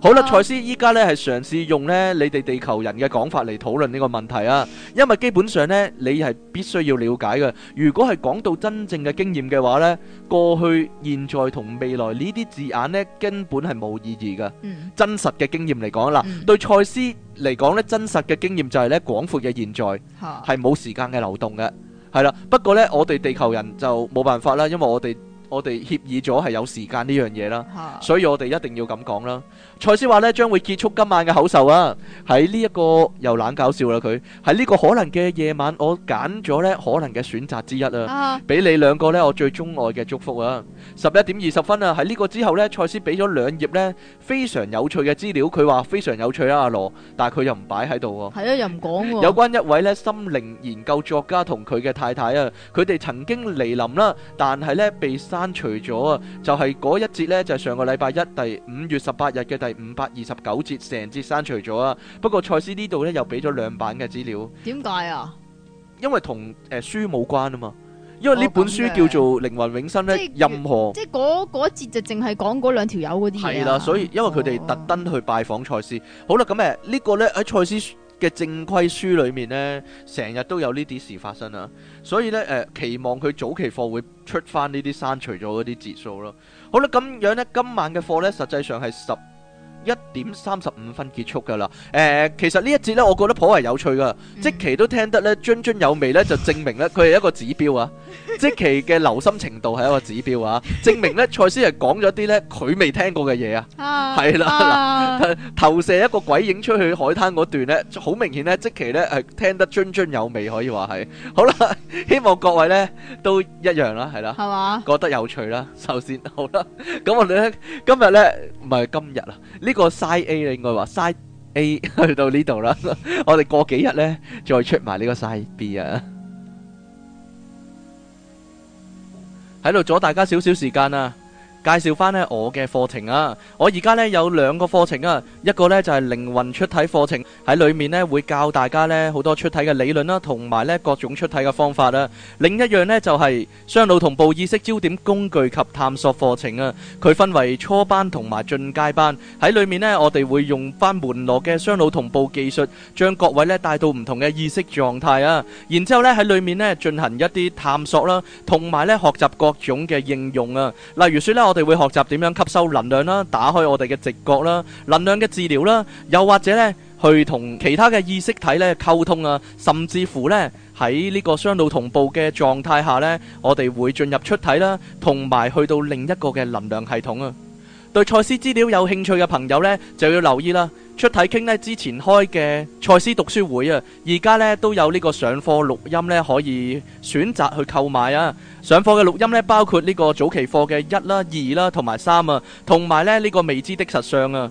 好啦，賽斯依家呢係嘗試用呢你哋地球人嘅講法嚟討論呢個問題啊，因為基本上呢你係必須要了解噶。如果係講到真正嘅經驗嘅話呢。過去、現在同未來呢啲字眼呢，根本係冇意義嘅。真實嘅經驗嚟講啦，對賽斯嚟講呢，真實嘅經驗就係呢廣闊嘅現在，係冇時間嘅流動嘅，係啦。不過呢，我哋地球人就冇辦法啦，因為我哋。我哋協議咗係有時間呢樣嘢啦，所以我哋一定要咁講啦。賽斯話咧，將會結束今晚嘅口授啊，喺呢一個，又懶搞笑啦，佢喺呢個可能嘅夜晚，我揀咗咧可能嘅選擇之一啊，俾你兩個咧我最鍾愛嘅祝福啊！十一點二十分啊，喺呢個之後咧，賽斯俾咗兩頁咧非常有趣嘅資料，佢話非常有趣啊，阿羅，但係佢又唔擺喺度喎，係啊，又唔講喎，有關一位咧心靈研究作家同佢嘅太太啊，佢哋曾經嚟臨啦，但係咧被刪。刪除咗啊！就係、是、嗰一節呢，就係、是、上個禮拜一，第五月十八日嘅第五百二十九節成節刪除咗啊！不過賽斯呢度呢，又俾咗兩版嘅資料，點解啊？因為同誒、呃、書冇關啊嘛，因為呢本書叫做《靈魂永生》呢，哦、任何即係嗰嗰節就淨係講嗰兩條友嗰啲嘢啊啦，所以因為佢哋特登去拜訪賽斯。哦、好啦，咁誒呢個呢，喺賽斯嘅正規書裏面呢，成日都有呢啲事發生啊，所以呢，呃，期望佢早期課會出翻呢啲刪除咗嗰啲節數咯。好啦，咁樣呢，今晚嘅課呢，實際上係十一點三十五分結束噶啦，誒，其實呢一節咧，我覺得頗為有趣噶。即其都聽得咧津津有味咧，就證明咧佢係一個指標啊。即其嘅留心程度係一個指標啊，證明咧賽斯係講咗啲咧佢未聽過嘅嘢啊，係啦嗱，投射一個鬼影出去海灘嗰段咧，好明顯咧，即其咧係聽得津津有味，可以話係。好啦，希望各位咧都一樣啦，係啦，係嘛，覺得有趣啦。首先，好啦，咁我哋咧今日咧唔係今日啊。呢個 side A 啦，應該話 side A 去到呢度啦。我哋過幾日呢，再出埋呢個 side B 啊。喺度阻大家少少時間啊，介紹翻呢我嘅課程啊。我而家呢有兩個課程啊，一個呢就係靈魂出體課程。喺裏面咧會教大家咧好多出體嘅理論啦，同埋咧各種出體嘅方法啦。另一樣咧就係雙腦同步意識焦點工具及探索課程啊。佢分為初班同埋進階班。喺裏面咧，我哋會用翻門羅嘅雙腦同步技術，將各位咧帶到唔同嘅意識狀態啊。然之後咧喺裏面咧進行一啲探索啦，同埋咧學習各種嘅應用啊。例如說咧，我哋會學習點樣吸收能量啦，打開我哋嘅直覺啦，能量嘅治療啦，又或者咧。去同其他嘅意識體咧溝通啊，甚至乎呢，喺呢個雙腦同步嘅狀態下呢，我哋會進入出體啦，同埋去到另一個嘅能量系統啊。對賽斯資料有興趣嘅朋友呢，就要留意啦。出體傾呢之前開嘅賽斯讀書會啊，而家呢都有呢個上課錄音呢，可以選擇去購買啊。上課嘅錄音呢，包括呢個早期課嘅一啦、二啦同埋三啊，同埋咧呢個未知的實相啊。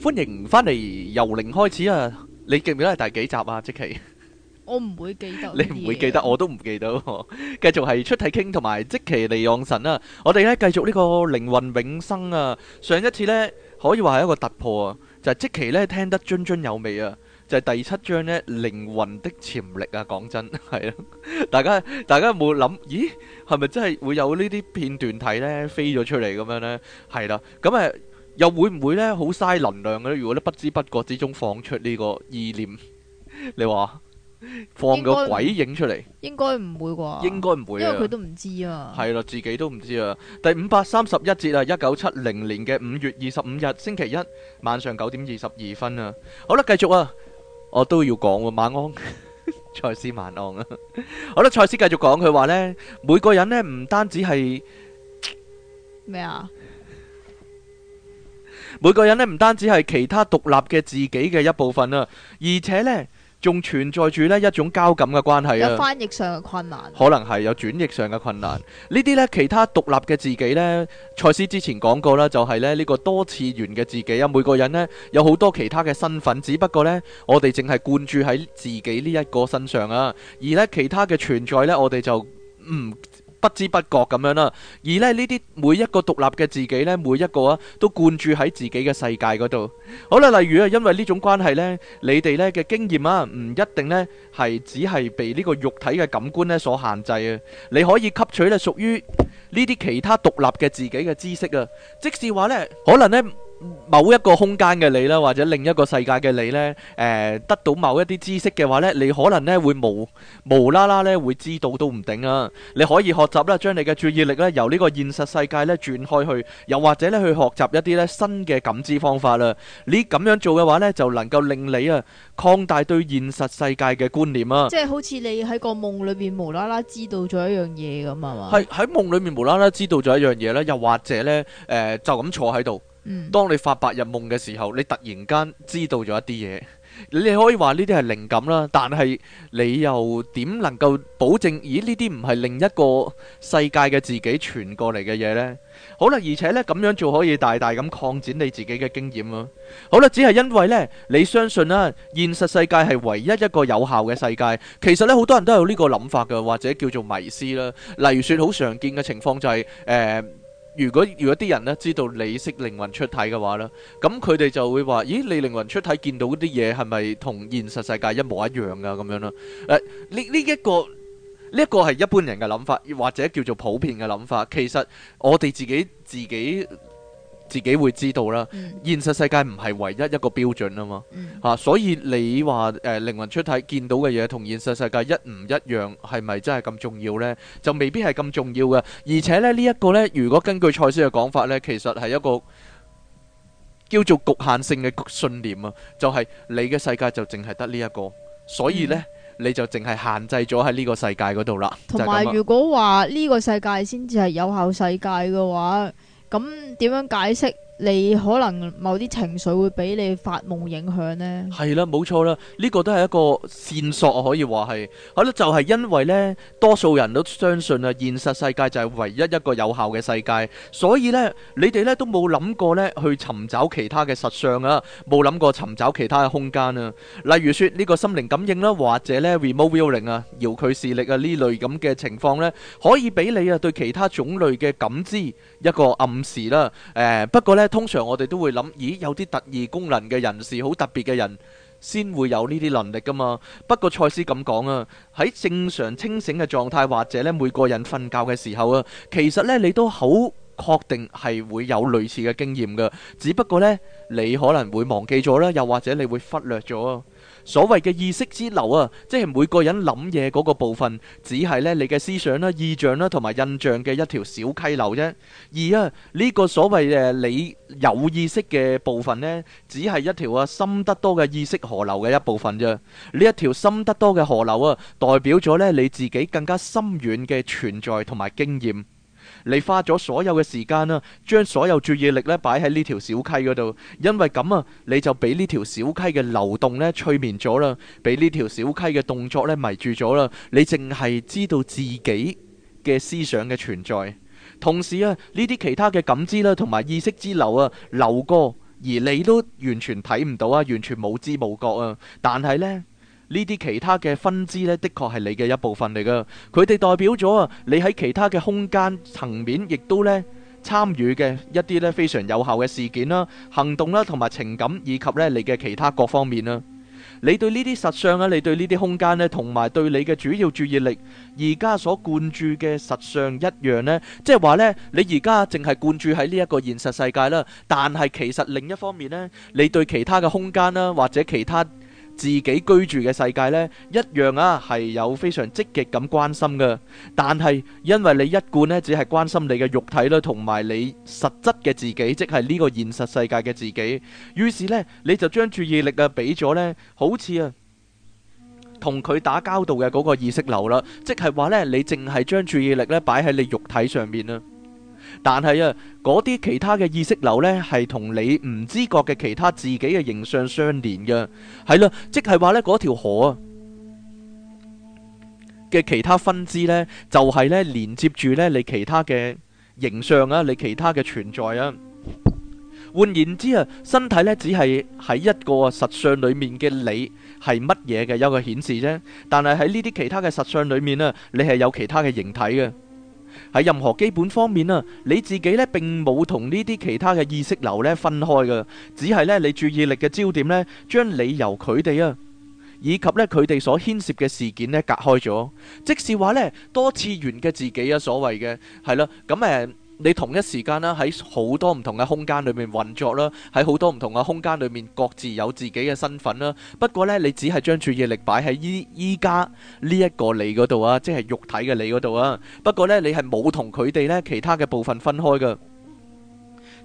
歡迎翻嚟由零開始啊！你記唔記得係第幾集啊？即其，我唔會記得。 *laughs* 你唔會記得，我都唔記得。繼 *laughs* 續係出體傾，同埋即其利用神啊。我哋咧繼續呢、這個靈魂永生啊！上一次呢，可以話係一個突破啊，就係、是、即其呢，聽得津津有味啊，就係、是、第七章呢，靈魂的潛力啊！講真係啦， *laughs* 大家大家有冇諗，咦係咪真係會有呢啲片段睇呢？飛咗出嚟咁樣呢？係啦，咁誒。又會唔會咧？好嘥能量嘅，如果咧不知不覺之中放出呢個意念，你話放個鬼影出嚟，應該唔會啩？應該唔會，因為佢都唔知啊。係啦，自己都唔知啊。第五百三十一節啊，一九七零年嘅五月二十五日星期一晚上九點二十二分啊。好啦，繼續啊，我都要講喎。晚安，賽斯晚安啊。好啦，賽斯繼續講佢話咧，每個人咧唔單止係咩啊？每個人咧唔單止係其他獨立嘅自己嘅一部分啦，而且呢仲存在住咧一種交感嘅關係啊。有翻譯上嘅困難，可能係有轉譯上嘅困難。呢啲呢，其他獨立嘅自己呢，塞斯之前講過啦，就係咧呢個多次元嘅自己啊。每個人呢，有好多其他嘅身份，只不過呢，我哋淨係灌注喺自己呢一個身上啊。而呢，其他嘅存在呢，我哋就唔。不知不覺咁樣啦、啊，而呢呢啲每一個獨立嘅自己呢，每一個啊都灌注喺自己嘅世界嗰度。好啦，例如啊，因為呢種關係呢，你哋呢嘅經驗啊，唔一定呢係只係被呢個肉體嘅感官呢所限制啊。你可以吸取呢屬於呢啲其他獨立嘅自己嘅知識啊。即使話呢，可能呢。某一個空間嘅你啦，或者另一個世界嘅你呢，誒、呃，得到某一啲知識嘅話呢，你可能呢會無無啦啦咧會知道都唔定啊。你可以學習啦，將你嘅注意力呢，由呢個現實世界呢轉開去，又或者呢去學習一啲呢新嘅感知方法啦。你咁樣做嘅話呢，就能夠令你啊擴大對現實世界嘅觀念啊。即係好似你喺個夢裏面無啦啦知道咗一樣嘢咁啊嘛。係喺夢裏面無啦啦知道咗一樣嘢咧，又或者呢，誒、呃，就咁坐喺度。當你發白日夢嘅時候，你突然間知道咗一啲嘢，你可以話呢啲係靈感啦。但係你又點能夠保證？咦，呢啲唔係另一個世界嘅自己傳過嚟嘅嘢呢？好啦，而且呢，咁樣做可以大大咁擴展你自己嘅經驗咯。好啦，只係因為呢，你相信啦、啊，現實世界係唯一一個有效嘅世界。其實呢，好多人都有呢個諗法㗎，或者叫做迷思啦。例如說，好常見嘅情況就係、是、誒。呃如果如果啲人咧，知道你識靈魂出體嘅話呢，咁佢哋就會話：咦，你靈魂出體見到嗰啲嘢係咪同現實世界一模一樣噶咁樣囉？呢呢，一個呢一個係一般人嘅諗法，或者叫做普遍嘅諗法。其實我哋自己自己。自己自己會知道啦。現實世界唔係唯一一個標準，嗯、啊嘛，嚇，所以你話誒、呃、靈魂出體見到嘅嘢同現實世界一唔一樣，係咪真係咁重要呢？就未必係咁重要嘅。而且呢，呢、這、一個呢，如果根據賽斯嘅講法呢，其實係一個叫做局限性嘅信念啊，就係、是、你嘅世界就淨係得呢一個，所以呢，嗯、你就淨係限制咗喺呢個世界嗰度啦。同埋還有，如果話呢個世界先至係有效世界嘅話，咁點樣解釋？你可能某啲情緒會俾你發夢影響咧，係啦，冇錯啦，呢個都係一個線索啊，可以話係，係咯，就係因為咧，多數人都相信啊，現實世界就係唯一一個有效嘅世界，所以咧，你哋咧都冇諗過咧去尋找其他嘅實相啊，冇諗過尋找其他嘅空間啊，例如說呢個心靈感應啦，或者咧 remote viewing 啊，遙距視力啊呢類咁嘅情況咧，可以俾你啊對其他種類嘅感知一個暗示啦，誒不過咧。通常我哋都會諗，咦，有啲特異功能嘅人士，好特別嘅人，先會有呢啲能力噶嘛。不過賽斯咁講啊，喺正常清醒嘅狀態，或者咧每個人瞓覺嘅時候啊，其實咧你都好確定係會有類似嘅經驗噶，只不過咧你可能會忘記咗啦，又或者你會忽略咗啊。所謂嘅意識之流啊，即係每個人諗嘢嗰個部分，只係咧你嘅思想啦、意象啦同埋印象嘅一條小溪流啫。而啊，呢個所謂誒你有意識嘅部分咧，只係一條啊深得多嘅意識河流嘅一部分啫。呢一條深得多嘅河流啊，代表咗咧你自己更加深遠嘅存在同埋經驗。你花咗所有嘅時間啦，將所有注意力咧擺喺呢條小溪嗰度。因為咁啊，你就俾呢條小溪嘅流動咧催眠咗啦，俾呢條小溪嘅動作咧迷住咗啦。你淨係知道自己嘅思想嘅存在，同時啊，呢啲其他嘅感知啦、啊，同埋意識之流啊流過，而你都完全睇唔到啊，完全冇知冇覺啊。但係呢。呢啲其他嘅分支呢，的確係你嘅一部分嚟噶。佢哋代表咗啊，你喺其他嘅空間層面，亦都呢參與嘅一啲呢非常有效嘅事件啦、行動啦，同埋情感以及呢你嘅其他各方面啦。你對呢啲實相啊，你對呢啲空間呢，同埋對你嘅主要注意力，而家所貫注嘅實相一樣呢，即係話呢，你而家淨係貫注喺呢一個現實世界啦。但係其實另一方面呢，你對其他嘅空間啦，或者其他，自己居住嘅世界呢，一樣啊係有非常積極咁關心㗎，但係因為你一貫呢，只係關心你嘅肉體啦，同埋你實質嘅自己，即係呢個現實世界嘅自己，於是呢，你就將注意力啊俾咗呢，好似啊同佢打交道嘅嗰個意識流啦，即係話呢，你淨係將注意力呢擺喺你肉體上面啦。但係啊，嗰啲其他嘅意識流呢，係同你唔知覺嘅其他自己嘅形象相連嘅，係啦， *noise* 即係話呢嗰條河啊嘅其他分支呢，就係呢連接住呢你其他嘅形象啊，你其他嘅存在啊。 *noise* 換言之啊，身體呢，只係喺一個實相裡面嘅你係乜嘢嘅有個顯示啫，但係喺呢啲其他嘅實相裡面啊，你係有其他嘅形體嘅。喺任何基本方面啊，你自己呢並冇同呢啲其他嘅意識流呢分開嘅，只係呢你注意力嘅焦點呢將你由佢哋啊，以及呢佢哋所牽涉嘅事件呢隔開咗。即是話呢多次元嘅自己啊，所謂嘅係啦，咁誒。嗯嗯嗯你同一時間啦，喺好多唔同嘅空間裏面運作啦，喺好多唔同嘅空間裏面，各自有自己嘅身份啦。不過呢，你只係將注意力擺喺依依家呢一個你嗰度啊，即係肉體嘅你嗰度啊。不過呢，你係冇同佢哋呢其他嘅部分分開噶。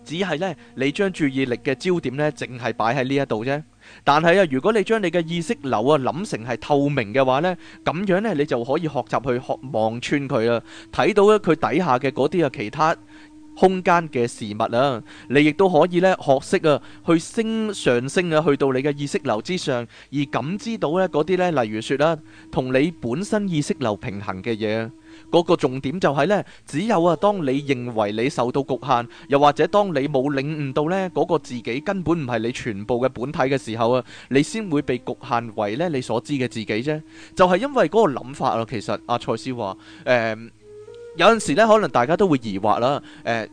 只係咧，你將注意力嘅焦點咧，淨係擺喺呢一度啫。但係啊，如果你將你嘅意識流啊諗成係透明嘅話咧，咁樣咧，你就可以學習去學望穿佢啊，睇到咧佢底下嘅嗰啲啊其他空間嘅事物啊，你亦都可以咧學識啊去升上升啊，去到你嘅意識流之上，而感知到咧嗰啲咧，例如説啦，同你本身意識流平衡嘅嘢。嗰個重點就係呢，只有啊，當你認為你受到局限，又或者當你冇領悟到呢嗰、那個自己根本唔係你全部嘅本體嘅時候啊，你先會被局限為呢你所知嘅自己啫。就係、是、因為嗰個諗法咯、啊。其實阿賽斯話，誒、啊呃，有陣時咧，可能大家都會疑惑啦，誒、呃，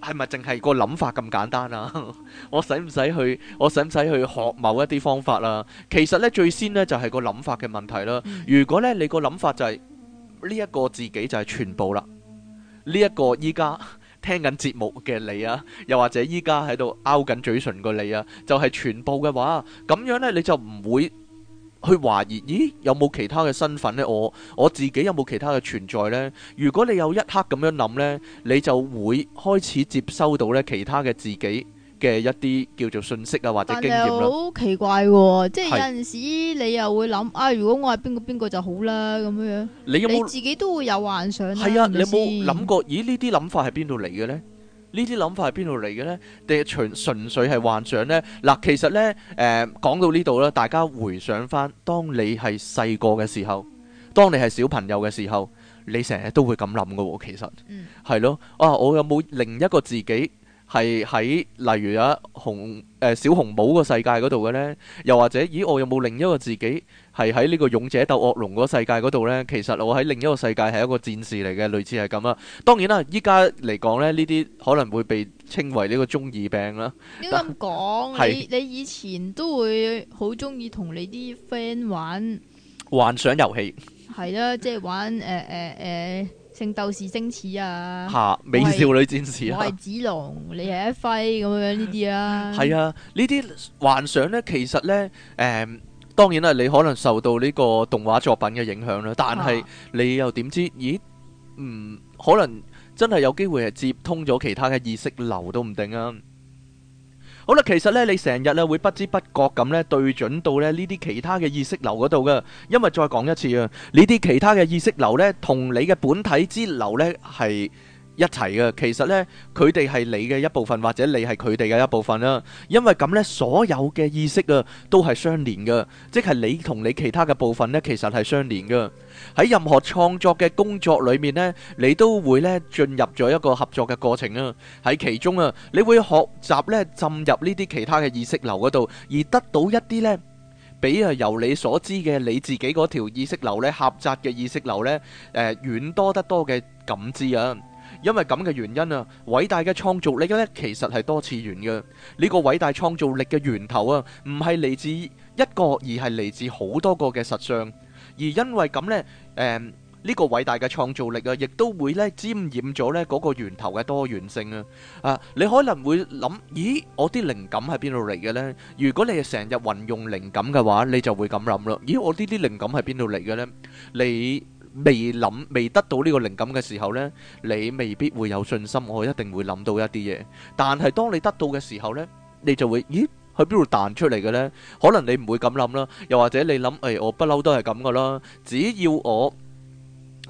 係咪淨係個諗法咁簡單啊？ *laughs* 我使唔使去？我使唔使去學某一啲方法啦、啊？其實呢，最先呢就係、是、個諗法嘅問題啦。如果呢，你個諗法就係、是。呢一個自己就係全部啦，呢、這、一個依家聽緊節目嘅你啊，又或者依家喺度咬緊嘴唇個你啊，就係、是、全部嘅話，咁樣呢，你就唔會去懷疑，咦，有冇其他嘅身份呢？我我自己有冇其他嘅存在呢？如果你有一刻咁樣諗呢，你就會開始接收到呢其他嘅自己。嘅一啲叫做信息啊，或者經驗啦。但係好奇怪喎，即係有陣時你又會諗啊，如果我係邊個邊個就好啦咁樣樣。你有冇自己都會有幻想？係啊，你有冇諗過？咦，呢啲諗法係邊度嚟嘅咧？呢啲諗法係邊度嚟嘅咧？定係純純粹係幻想咧？嗱，其實咧，誒，講到呢度啦，大家回想翻，當你係細個嘅時候，當你係小朋友嘅時候，你成日都會咁諗嘅喎。其實，嗯，係咯，啊，我有冇另一個自己？係喺例如啊紅誒、呃、小紅帽個世界嗰度嘅咧，又或者咦我有冇另一個自己係喺呢個勇者鬥惡龍個世界嗰度咧？其實我喺另一個世界係一個戰士嚟嘅，類似係咁啦。當然啦，依家嚟講咧，呢啲可能會被稱為呢個中二病啦。點解咁講，你 *laughs* 是你以前都會好中意同你啲 friend 玩幻想遊戲，係啦，即、就、係、是、玩誒誒誒。呃呃呃聖鬥士星矢啊，美少女戰士啊，我係子龍，你係一輝咁樣呢啲啊，係啊，呢啲幻想咧，其實咧，誒、嗯，當然啦，你可能受到呢個動畫作品嘅影響啦，但係你又點知？咦，嗯，可能真係有機會係接通咗其他嘅意識流都唔定啊。好啦，其實咧，你成日咧會不知不覺咁咧對準到咧呢啲其他嘅意識流嗰度㗎，因為再講一次啊，呢啲其他嘅意識流咧，同你嘅本體之流咧係一齊嘅，其實咧，佢哋係你嘅一部分，或者你係佢哋嘅一部分啦。因為咁咧，所有嘅意識啊，都係相連嘅，即係你同你其他嘅部分咧，其實係相連嘅。喺任何創作嘅工作裏面咧，你都會咧進入咗一個合作嘅過程啊。喺其中啊，你會學習咧，浸入呢啲其他嘅意識流嗰度，而得到一啲咧，比啊由你所知嘅你自己嗰條意識流咧狹窄嘅意識流咧，誒遠多得多嘅感知啊！因為咁嘅原因啊，偉大嘅創造力咧，其實係多次元嘅。呢個偉大創造力嘅源頭啊，唔係嚟自一個，而係嚟自好多個嘅實相。而因為咁咧，誒，呢個偉大嘅創造力啊，亦都會咧沾染咗咧嗰個源頭嘅多元性啊。啊，你可能會諗，咦，我啲靈感係邊度嚟嘅咧？如果你係成日運用靈感嘅話，你就會咁諗啦。咦，我呢啲靈感係邊度嚟嘅咧？你？未諗未得到呢個靈感嘅時候呢，你未必會有信心。我一定會諗到一啲嘢。但係當你得到嘅時候呢，你就會咦，喺邊度彈出嚟嘅呢？可能你唔會咁諗啦。又或者你諗，誒、哎，我不嬲都係咁噶啦。只要我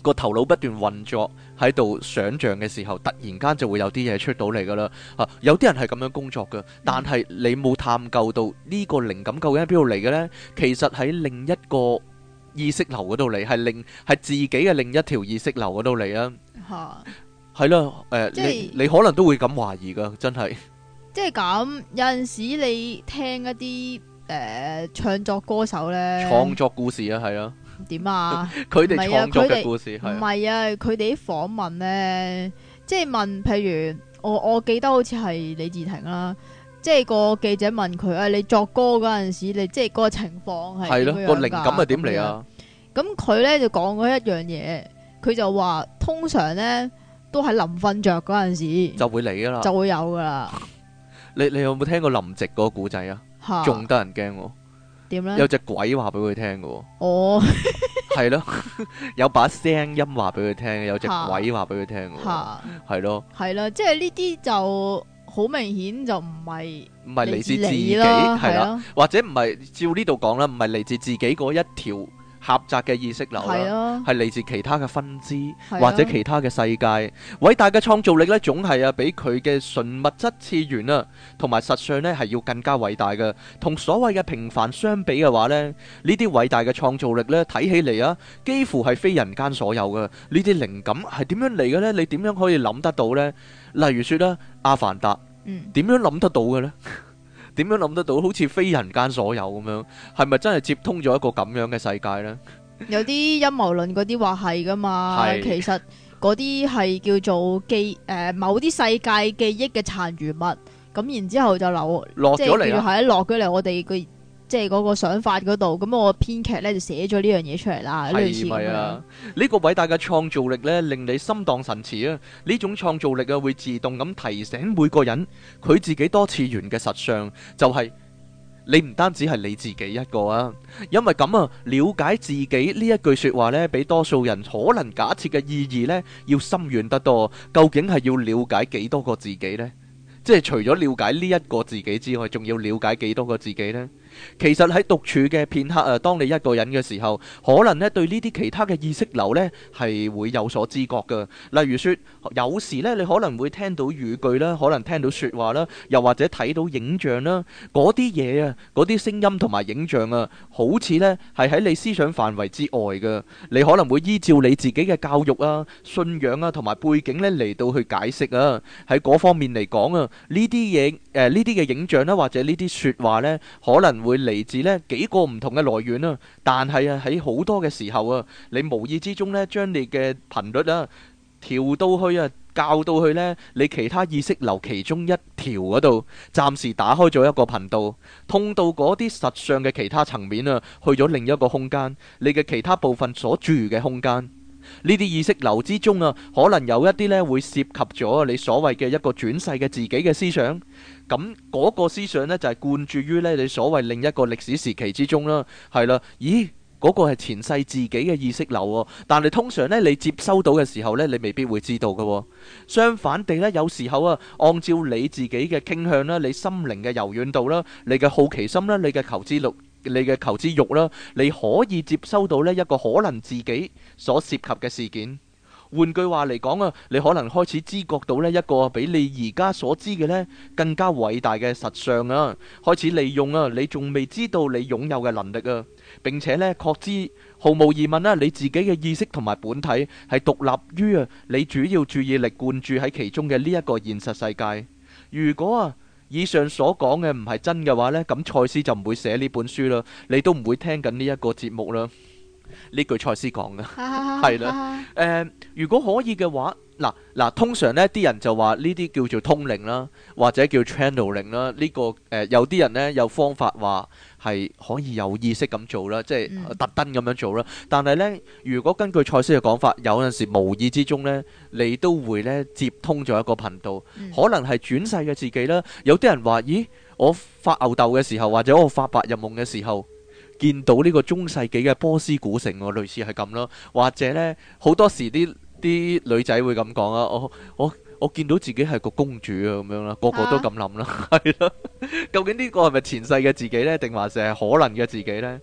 個頭腦不斷運作喺度想象嘅時候，突然間就會有啲嘢出到嚟噶啦。啊，有啲人係咁樣工作嘅，但係你冇探究到呢個靈感究竟喺邊度嚟嘅呢？其實喺另一個。意識流嗰度嚟，係另係自己嘅另一條意識流嗰度嚟啊！嚇，係咯，誒，你你可能都會咁懷疑噶，真係。即係咁，有陣時你聽一啲誒唱作歌手咧，創作故事啊，係啊。點啊？佢哋創作嘅故事係唔係啊？佢哋啲訪問咧，即係問，譬如我我記得好似係李治廷啦。即係個記者問佢啊，你作歌嗰陣時，你即係個情況係點噶？係咯，個靈感係點嚟啊？咁佢咧就講過一樣嘢，佢就話通常咧都喺臨瞓着嗰陣時就會嚟噶啦，就會有噶啦。你你有冇聽過林夕個故仔啊？仲得人驚？點咧？有隻鬼話俾佢聽噶。哦，係咯，有把聲音話俾佢聽，有隻鬼話俾佢聽，係咯。係啦，即係呢啲就。好明顯就唔係唔係嚟自自己係啦，或者唔係照呢度講啦，唔係嚟自自己嗰一條狹窄嘅意識流啦，係嚟、啊、自其他嘅分支，啊、或者其他嘅世界。偉大嘅創造力呢，總係啊比佢嘅純物質次元啊，同埋實相呢係要更加偉大嘅。同所謂嘅平凡相比嘅話呢，呢啲偉大嘅創造力呢，睇起嚟啊，幾乎係非人間所有嘅。呢啲靈感係點樣嚟嘅呢？你點樣可以諗得到呢？例如說呢，《阿凡達》。點、嗯、樣諗得到嘅咧？點 *laughs* 樣諗得到？好似非人間所有咁樣，係咪真係接通咗一個咁樣嘅世界咧？ *laughs* 有啲陰謀論嗰啲話係噶嘛，是其實嗰啲係叫做記誒、呃，某啲世界記憶嘅殘餘物，咁然之後就留落咗嚟、啊，係落咗嚟，我哋嘅。.即係嗰個想法嗰度，咁我編劇呢就寫咗呢樣嘢出嚟啦。係唔係啊？呢個偉大嘅創造力呢，令你心蕩神馳啊！呢種創造力啊，會自動咁提醒每個人，佢自己多次元嘅實相就係、是、你唔單止係你自己一個啊。因為咁啊，了解自己呢一句說話呢，比多數人可能假設嘅意義呢，要深遠得多。究竟係要了解幾多個自己呢？即係除咗了，了解呢一個自己之外，仲要了解幾多個自己呢？其實喺獨處嘅片刻啊，當你一個人嘅時候，可能咧對呢啲其他嘅意識流呢係會有所知覺噶。例如說，有時呢，你可能會聽到語句啦，可能聽到說話啦，又或者睇到影像啦，嗰啲嘢啊，嗰啲聲音同埋影像啊，好似呢係喺你思想範圍之外噶。你可能會依照你自己嘅教育啊、信仰啊同埋背景呢嚟到去解釋啊。喺嗰方面嚟講啊，呢啲嘢誒，呢啲嘅影像啦，或者呢啲說話呢，可能會。會嚟自，呢幾個唔同嘅來源啊，但係啊，喺好多嘅時候啊，你無意之中呢，將你嘅頻率啊調到去啊，校到去呢，你其他意識流其中一條嗰度，暫時打開咗一個頻道，通到嗰啲實相嘅其他層面啊，去咗另一個空間，你嘅其他部分所住嘅空間。呢啲意識流之中啊，可能有一啲呢會涉及咗你所謂嘅一個轉世嘅自己嘅思想，咁嗰個思想呢，就係貫注於呢你所謂另一個歷史時期之中啦，係啦，咦嗰個係前世自己嘅意識流喎，但係通常呢，你接收到嘅時候呢，你未必會知道嘅，相反地呢，有時候啊，按照你自己嘅傾向啦，你心靈嘅柔軟度啦，你嘅好奇心啦，你嘅求知率。你嘅求知欲啦，你可以接收到呢一個可能自己所涉及嘅事件。換句話嚟講啊，你可能開始知覺到呢一個比你而家所知嘅呢更加偉大嘅實相啊，開始利用啊你仲未知道你擁有嘅能力啊，並且呢確知毫無疑問啦，你自己嘅意識同埋本體係獨立於啊你主要注意力貫注喺其中嘅呢一個現實世界。如果啊，以上所講嘅唔係真嘅話呢，咁賽斯就唔會寫呢本書啦，你都唔會聽緊呢一個節目啦。呢句賽斯講嘅，係啦。誒，如果可以嘅話，嗱嗱，通常呢啲人就話呢啲叫做通靈啦，或者叫 channeling 啦。呢、這個誒、呃，有啲人呢，有方法話。係可以有意識咁做啦，即係特登咁樣做啦。但係呢，如果根據賽斯嘅講法，有陣時無意之中呢，你都會呢接通咗一個頻道，可能係轉世嘅自己啦。有啲人話：咦，我發吽哣嘅時候，或者我發白日夢嘅時候，見到呢個中世紀嘅波斯古城，類似係咁咯。或者呢，好多時啲啲女仔會咁講啊，我我。我見到自己係個公主啊，咁樣啦，個個都咁諗啦，係啦。究竟呢個係咪前世嘅自己呢？定還是係可能嘅自己呢？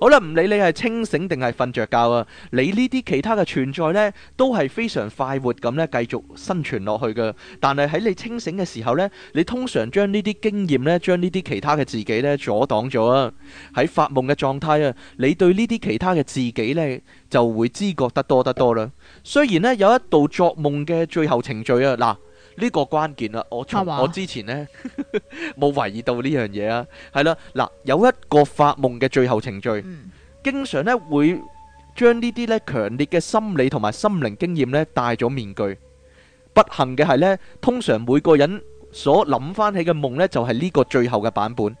好啦，唔理你係清醒定係瞓着覺啊，你呢啲其他嘅存在呢，都係非常快活咁呢，繼續生存落去嘅。但係喺你清醒嘅時候呢，你通常將呢啲經驗呢，將呢啲其他嘅自己呢，阻擋咗啊。喺發夢嘅狀態啊，你對呢啲其他嘅自己呢，就會知覺得多得多啦。雖然呢，有一度作夢嘅最後程序啊，嗱。呢個關鍵啦，我從我之前咧冇懷疑到呢樣嘢啊，係啦，嗱，有一個發夢嘅最後程序，經常咧會將呢啲咧強烈嘅心理同埋心靈經驗咧戴咗面具。不幸嘅係咧，通常每個人所諗翻起嘅夢咧就係呢個最後嘅版本，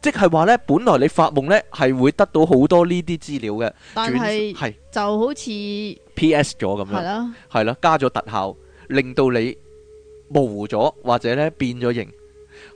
即係話咧本來你發夢咧係會得到好多呢啲資料嘅，但係係就好似 PS 咗咁樣，係咯，加咗特效，令到你。模糊咗或者咧變咗形，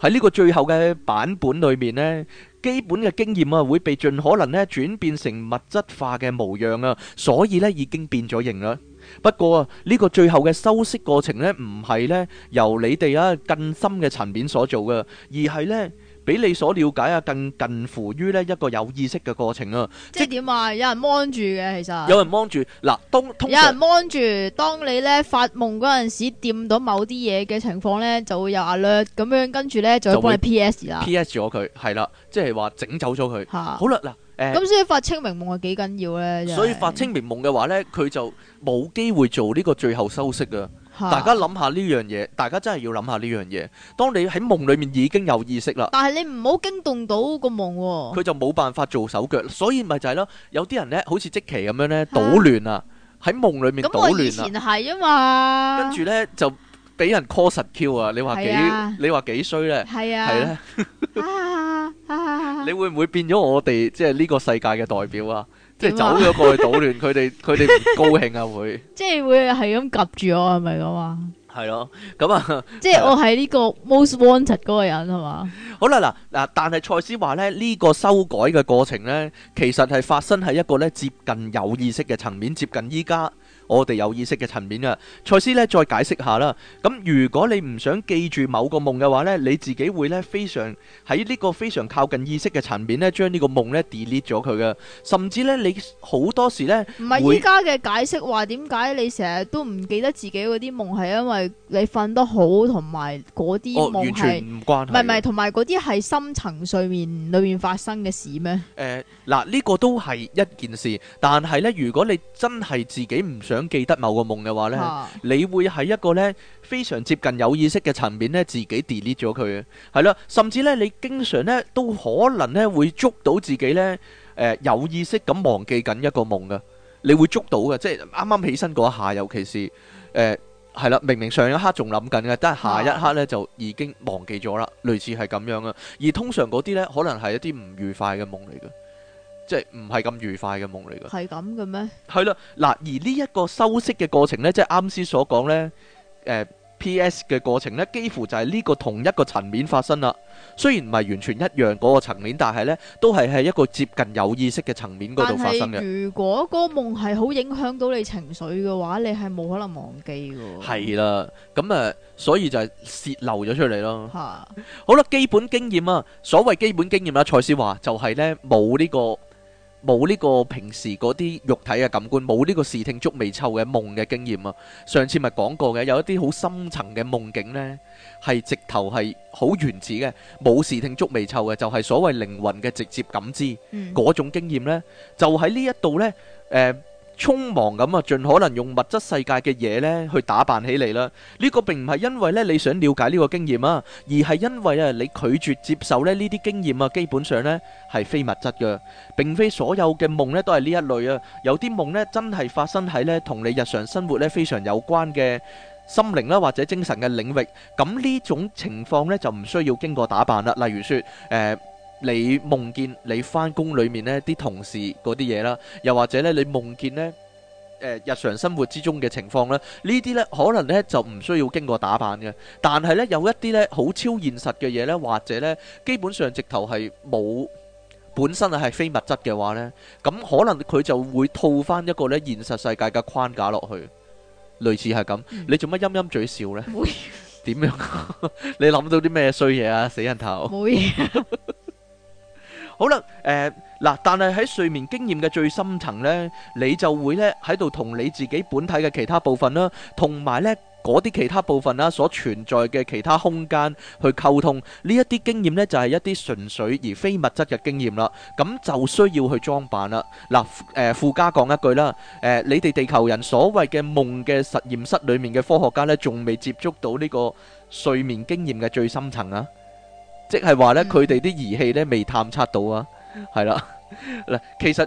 喺呢個最後嘅版本裏面呢，基本嘅經驗啊會被盡可能咧轉變成物質化嘅模樣啊，所以咧已經變咗形啦。不過啊，呢個最後嘅修飾過程咧唔係咧由你哋啊更深嘅層面所做嘅，而係咧。俾你所了解啊，更近，近乎於咧一個有意識嘅過程啊！即係點話？有人望住嘅，其實有人望住嗱，當通常有人望住，當你咧發夢嗰陣時，掂到某啲嘢嘅情況咧，就會有阿略咁樣，跟住咧就會幫你 PS 啦。PS 咗佢，係啦，即係話整走咗佢。好啦，嗱，誒咁所以發清明夢係幾緊要咧？所以發清明夢嘅話咧，佢就冇機會做呢個最後修飾啊。大家諗下呢樣嘢，大家真係要諗下呢樣嘢。當你喺夢裏面已經有意識啦，但係你唔好驚動到個夢喎。佢就冇辦法做手腳，所以咪就係咯。有啲人咧，好似積奇咁樣咧，搗亂啊！喺夢裏面搗亂啦。咁我以前係啊嘛。跟住咧就俾人 call 實 Q 啊！你話幾你話幾衰咧？係啊，係咧是呢。啊 *laughs* 你會唔會變咗我哋即係呢個世界嘅代表啊？即係走咗過去搗亂，佢哋佢哋唔高興啊， *laughs* 即會即係會係咁夾住我，係咪咁啊？係咯，咁啊，即係我係呢個 most wanted 嗰個人係嘛？ *laughs* 的好啦，嗱嗱，但係賽斯話咧，呢個修改嘅過程咧，其實係發生喺一個咧接近有意識嘅層面，接近依家。我哋有意識嘅層面啊，賽斯咧再解釋下啦。咁、嗯、如果你唔想記住某個夢嘅話呢，你自己會呢，非常喺呢個非常靠近意識嘅層面呢，將呢個夢呢 delete 咗佢嘅。甚至呢，你好多時呢，唔係依家嘅解釋話點解你成日都唔記得自己嗰啲夢係因為你瞓得好同埋嗰啲夢、哦、係唔關，唔係唔係同埋嗰啲係深層睡眠裏面發生嘅事咩？誒嗱、呃，呢、呢個都係一件事，但係呢，如果你真係自己唔想想記得某個夢嘅話呢，啊、你會喺一個呢非常接近有意識嘅層面呢，自己 delete 咗佢嘅，係啦，甚至呢你經常呢都可能呢會捉到自己呢，誒有意識咁忘記緊一個夢嘅，你會捉到嘅，即係啱啱起身嗰下，尤其是誒係啦，明明上一刻仲諗緊嘅，但係下一刻呢，就已經忘記咗啦，類似係咁樣嘅，而通常嗰啲呢，可能係一啲唔愉快嘅夢嚟嘅。即係唔係咁愉快嘅夢嚟嘅。係咁嘅咩？係啦，嗱，而呢一個修飾嘅過程咧，即係啱先所講咧，誒，P.S. 嘅過程咧，幾乎就係呢個同一個層面發生啦。雖然唔係完全一樣嗰個層面，但係咧都係喺一個接近有意識嘅層面嗰度發生嘅。但係如果個夢係好影響到你情緒嘅話，你係冇可能忘記嘅。係啦，咁啊，所以就係泄漏咗出嚟咯。吓，好啦，基本經驗啊，所謂基本經驗啦，賽斯話就係咧冇呢個。冇呢個平時嗰啲肉體嘅感官，冇呢個視聽觸味嗅嘅夢嘅經驗啊！上次咪講過嘅，有一啲好深層嘅夢境咧，係直頭係好原始嘅，冇視聽觸味嗅嘅，就係所謂靈魂嘅直接感知，嗰種經驗咧，就喺呢一度咧，誒。匆忙咁啊，儘可能用物質世界嘅嘢咧去打扮起嚟啦。呢個並唔係因為咧你想了解呢個經驗啊，而係因為啊你拒絕接受咧呢啲經驗啊，基本上咧係非物質嘅，並非所有嘅夢咧都係呢一類啊。有啲夢咧真係發生喺咧同你日常生活咧非常有關嘅心靈啦或者精神嘅領域。咁呢種情況咧就唔需要經過打扮啦。例如說，誒。你夢見你翻工裏面呢啲同事嗰啲嘢啦，又或者呢你夢見呢日常生活之中嘅情況咧，呢啲呢可能呢就唔需要經過打扮嘅，但係呢有一啲呢好超現實嘅嘢呢，或者呢基本上直頭係冇本身係非物質嘅話呢，咁可能佢就會套翻一個呢現實世界嘅框架落去，類似係咁。嗯、你做乜陰陰嘴笑呢？冇嘢。點樣？ *laughs* 你諗到啲咩衰嘢啊？死人頭。 *laughs* 好啦，誒、呃、嗱，但係喺睡眠經驗嘅最深層呢，你就會呢喺度同你自己本體嘅其他部分啦，同埋呢嗰啲其他部分啦所存在嘅其他空間去溝通，呢一啲經驗呢，就係一啲純粹而非物質嘅經驗啦，咁就需要去裝扮啦。嗱，誒，附加講一句啦，誒、呃，你哋地球人所謂嘅夢嘅實驗室裏面嘅科學家呢，仲未接觸到呢個睡眠經驗嘅最深層啊。即係話咧，佢哋啲儀器咧未探測到啊，係啦、嗯。嗱，其實誒，賽、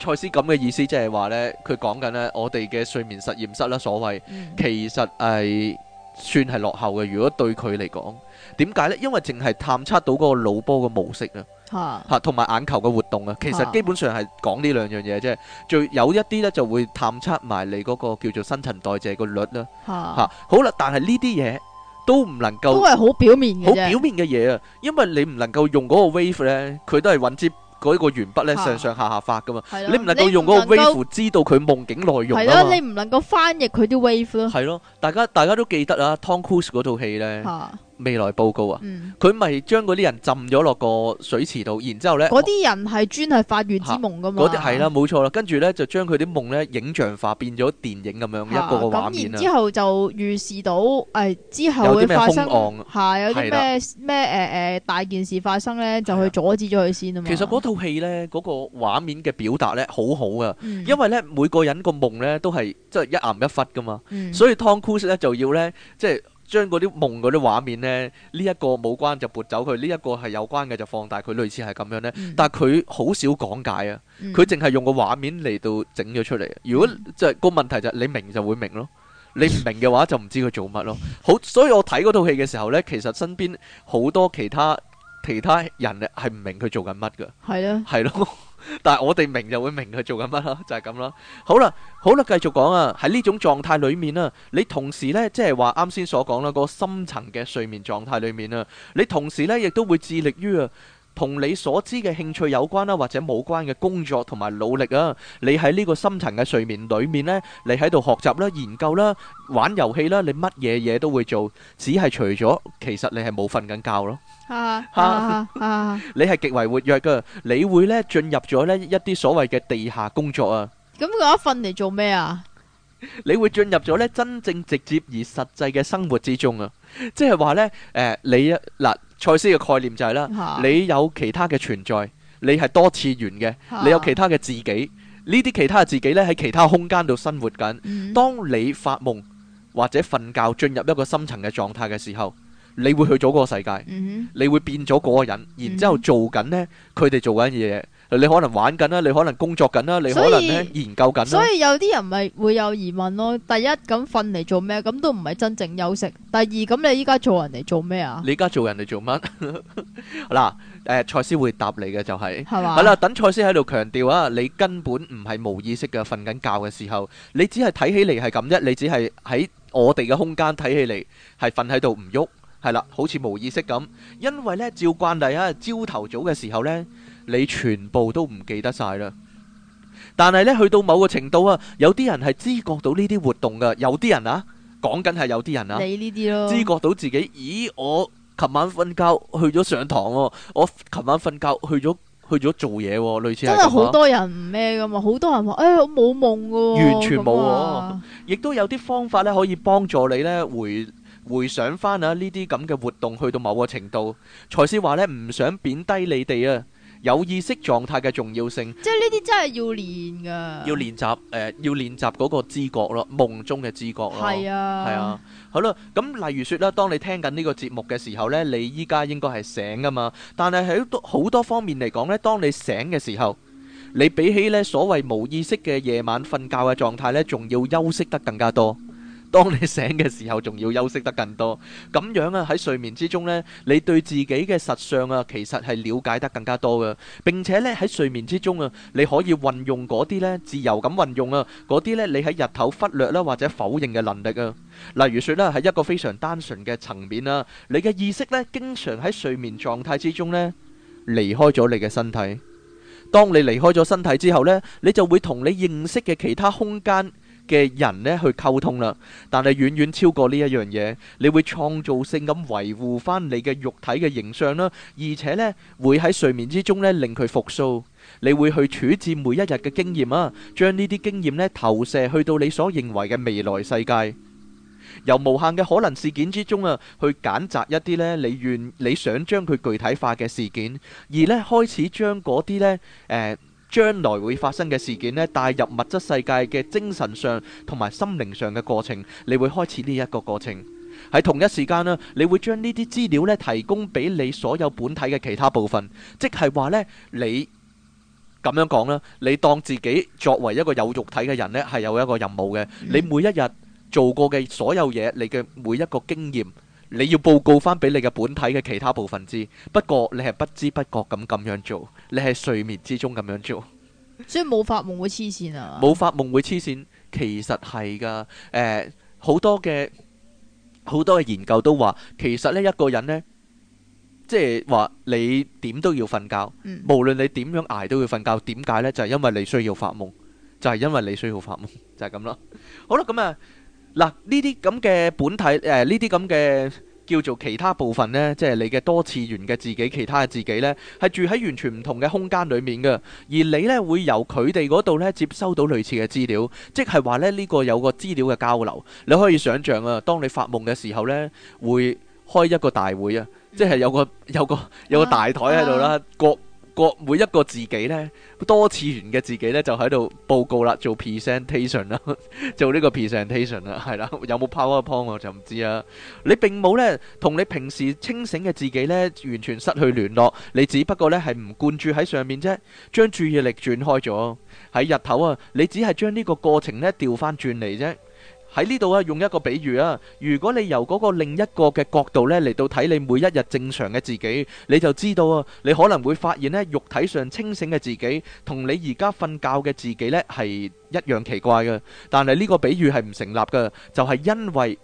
呃、斯咁嘅意思即係話咧，佢講緊咧，我哋嘅睡眠實驗室啦，所謂、嗯、其實係、呃、算係落後嘅。如果對佢嚟講，點解咧？因為淨係探測到嗰個腦波嘅模式啊，嚇，同埋眼球嘅活動啊。其實基本上係講呢兩樣嘢，即係最有一啲咧就會探測埋你嗰個叫做新陳代謝個率啦，嚇、啊啊。好啦，但係呢啲嘢。都唔能夠，都係好表面嘅，好表面嘅嘢啊！因為你唔能夠用嗰個 wave 咧，佢都係揾支嗰一個鉛筆咧上上下下發噶嘛，啊、你唔能夠用嗰個 wave 知道佢夢境內容啊嘛，啊你唔能夠翻譯佢啲 wave 咯。係咯，大家大家都記得啊，Tom Cruise 嗰套戲咧。啊未來報告、嗯、啊，佢咪將嗰啲人浸咗落個水池度，然之後咧，嗰啲人係專係發願之夢噶嘛？嗰啲係啦，冇錯啦。跟住咧就將佢啲夢咧影像化，變咗電影咁樣、啊、一個個畫面、啊、然之後就預示到誒、哎、之後會發生有案，係、啊、有啲咩咩誒誒大件事發生咧，就去阻止咗佢先嘛啊嘛。其實嗰套戲咧，嗰、嗰個畫面嘅表達咧，好好啊。因為咧、嗯，每個人個夢咧都係即係一岩一忽噶嘛，所以 Tom Cruise 咧就要咧即係。將嗰啲夢嗰啲畫面呢，呢一個冇關就撥走佢，呢一個係有關嘅就放大佢，類似係咁樣呢，但係佢好少講解啊，佢淨係用個畫面嚟到整咗出嚟。如果即係個問題就係你明就會明咯，你唔明嘅話就唔知佢做乜咯。好，所以我睇嗰套戲嘅時候呢，其實身邊好多其他。其他人咧，係唔明佢做緊乜噶係啦，係咯，但係我哋明就會明佢做緊乜咯，就係咁啦。好啦，好啦，繼續講啊，喺呢種狀態裏面啊，你同時呢即係話啱先所講啦，個深層嘅睡眠狀態裏面啊，你同時呢亦都會致力於啊，同你所知嘅興趣有關啦，或者冇關嘅工作同埋努力啊，你喺呢個深層嘅睡眠裏面呢，你喺度學習啦、研究啦、玩遊戲啦，你乜嘢嘢都會做，只係除咗其實你係冇瞓緊覺咯。啊啊啊！你係極為活躍噶，你會咧進入咗咧一啲所謂嘅地下工作啊。咁嗰一瞓嚟做咩啊？你會進入咗咧真正直接而實際嘅生活之中啊！即係話咧，誒，你嗱，賽斯嘅概念就係啦，你有其他嘅存在，你係多次元嘅，你有其他嘅自己，呢啲其他嘅自己咧喺其他空間度生活緊。當你發夢或者瞓覺進入一個深層嘅狀態嘅時候。你會去咗嗰個世界，嗯、哼你會變咗嗰個人，然之後做緊呢，佢哋做緊嘢，嗯哼。你可能玩緊啦，你可能工作緊啦，你可能研究緊。所以有啲人咪會有疑問咯。第一，咁瞓嚟做咩？咁都唔係真正休息。第二，咁你依家做人嚟做咩 *laughs* *laughs* 啊？你依家做人嚟做乜？嗱，誒，蔡司會答你嘅就係係啦，吧 *laughs* 等蔡司喺度強調啊，你根本唔係冇意識嘅瞓緊覺嘅時候，你只係睇起嚟係咁啫，你只係喺我哋嘅空間睇起嚟係瞓喺度唔喐。係啦，好似冇意識咁，因為呢照慣例啊，朝頭早嘅時候呢，你全部都唔記得晒啦。但係呢，去到某個程度啊，有啲人係知覺到呢啲活動噶，有啲人啊，講緊係有啲人啊，知覺到自己，咦，我琴晚瞓覺去咗上堂喎，我琴晚瞓覺去咗去咗做嘢喎，類似係咁啊。真係好多人唔咩噶嘛，好多人話，誒，我冇夢噶，完全冇，亦都有啲方法呢可以幫助你呢回。回想翻啊呢啲咁嘅活動去到某個程度。才是話咧，唔想貶低你哋啊有意識狀態嘅重要性。即係呢啲真係要練噶。要練習誒，要練習嗰個知覺咯，夢中嘅知覺咯。係啊，係啊，好啦。咁例如說啦，當你聽緊呢個節目嘅時候咧，你依家應該係醒噶嘛。但係喺好多方面嚟講咧，當你醒嘅時候，你比起咧所謂冇意識嘅夜晚瞓覺嘅狀態咧，仲要休息得更加多。當你醒嘅時候，仲要休息得更多，咁樣啊，喺睡眠之中呢，你對自己嘅實相啊，其實係了解得更加多嘅，並且呢，喺睡眠之中啊，你可以運用嗰啲呢，自由咁運用啊，嗰啲呢，你喺日頭忽略啦或者否認嘅能力啊，例如說啦，喺一個非常單純嘅層面啊，你嘅意識呢，經常喺睡眠狀態之中呢，離開咗你嘅身體。當你離開咗身體之後呢，你就會同你認識嘅其他空間。嘅人呢去溝通啦，但係遠遠超過呢一樣嘢。你會創造性咁維護返你嘅肉體嘅形象啦，而且呢會喺睡眠之中呢令佢復甦，你會去處置每一日嘅經驗啊，將呢啲經驗呢投射去到你所認為嘅未來世界，由無限嘅可能事件之中啊去揀擇一啲呢你願你想將佢具體化嘅事件，而呢開始將嗰啲呢誒。將來會發生嘅事件呢，帶入物質世界嘅精神上同埋心靈上嘅過程，你會開始呢一個過程。喺同一時間啦，你會將呢啲資料呢提供俾你所有本體嘅其他部分，即係話呢，你咁樣講啦，你當自己作為一個有肉體嘅人呢，係有一個任務嘅。你每一日做過嘅所有嘢，你嘅每一個經驗。你要報告翻俾你嘅本體嘅其他部分知，不過你係不知不覺咁咁樣做，你係睡眠之中咁樣做，所以冇發夢會黐線啊！冇發夢會黐線，其實係噶，誒、呃、好多嘅好多嘅研究都話，其實呢一個人呢，即係話你點都要瞓覺，嗯、無論你點樣捱都要瞓覺。點解呢？就係、是、因為你需要發夢，就係、是、因為你需要發夢，就係咁啦。好啦，咁啊。嗱，呢啲咁嘅本體，誒呢啲咁嘅叫做其他部分呢，即係你嘅多次元嘅自己，其他嘅自己呢，係住喺完全唔同嘅空間裡面嘅，而你呢，會由佢哋嗰度呢，接收到類似嘅資料，即係話咧呢、呢個有個資料嘅交流，你可以想像啊，當你發夢嘅時候呢，會開一個大會啊，即係有個有個有個大台喺度啦，啊啊，各個每一個自己呢，多次元嘅自己呢，就喺度報告啦，做 presentation 啦，做呢個 presentation 啦，係啦，有冇 powerpoint 我就唔知啊。你並冇呢，同你平時清醒嘅自己呢，完全失去聯絡，你只不過呢，係唔灌注喺上面啫，將注意力轉開咗。喺日頭啊，你只係將呢個過程呢，調翻轉嚟啫。喺呢度啊，用一個比喻啊，如果你由嗰個另一個嘅角度呢，嚟到睇你每一日正常嘅自己，你就知道啊，你可能會發現呢，肉體上清醒嘅自己同你而家瞓覺嘅自己呢，係一樣奇怪嘅。但係呢個比喻係唔成立嘅，就係因為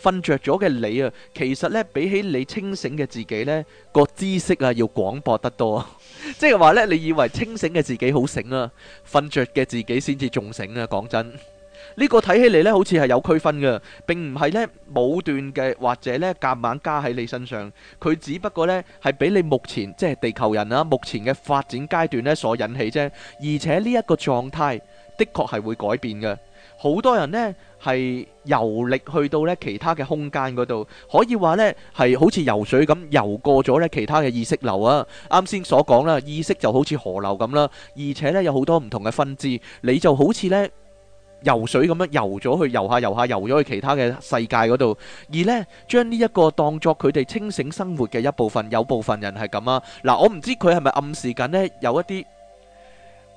瞓着咗嘅你啊，其實呢，比起你清醒嘅自己呢，個知識啊要廣博得多。 *laughs* 即係話呢，你以為清醒嘅自己好醒啊，瞓着嘅自己先至仲醒啊，講真。呢個睇起嚟呢，好似係有區分嘅，並唔係呢武斷嘅，或者呢夾硬，硬加喺你身上。佢只不過呢係俾你目前即係地球人啦、啊，目前嘅發展階段呢所引起啫。而且呢一個狀態，的確係會改變嘅。好多人呢係遊歷去到呢其他嘅空間嗰度，可以話呢係好似游水咁游過咗呢其他嘅意識流啊。啱先所講啦，意識就好似河流咁啦，而且呢有好多唔同嘅分支，你就好似呢，游水咁樣游咗去游下游下游咗去其他嘅世界嗰度，而呢，將呢一個當作佢哋清醒生活嘅一部分，有部分人係咁啦。嗱，我唔知佢係咪暗示緊呢？有一啲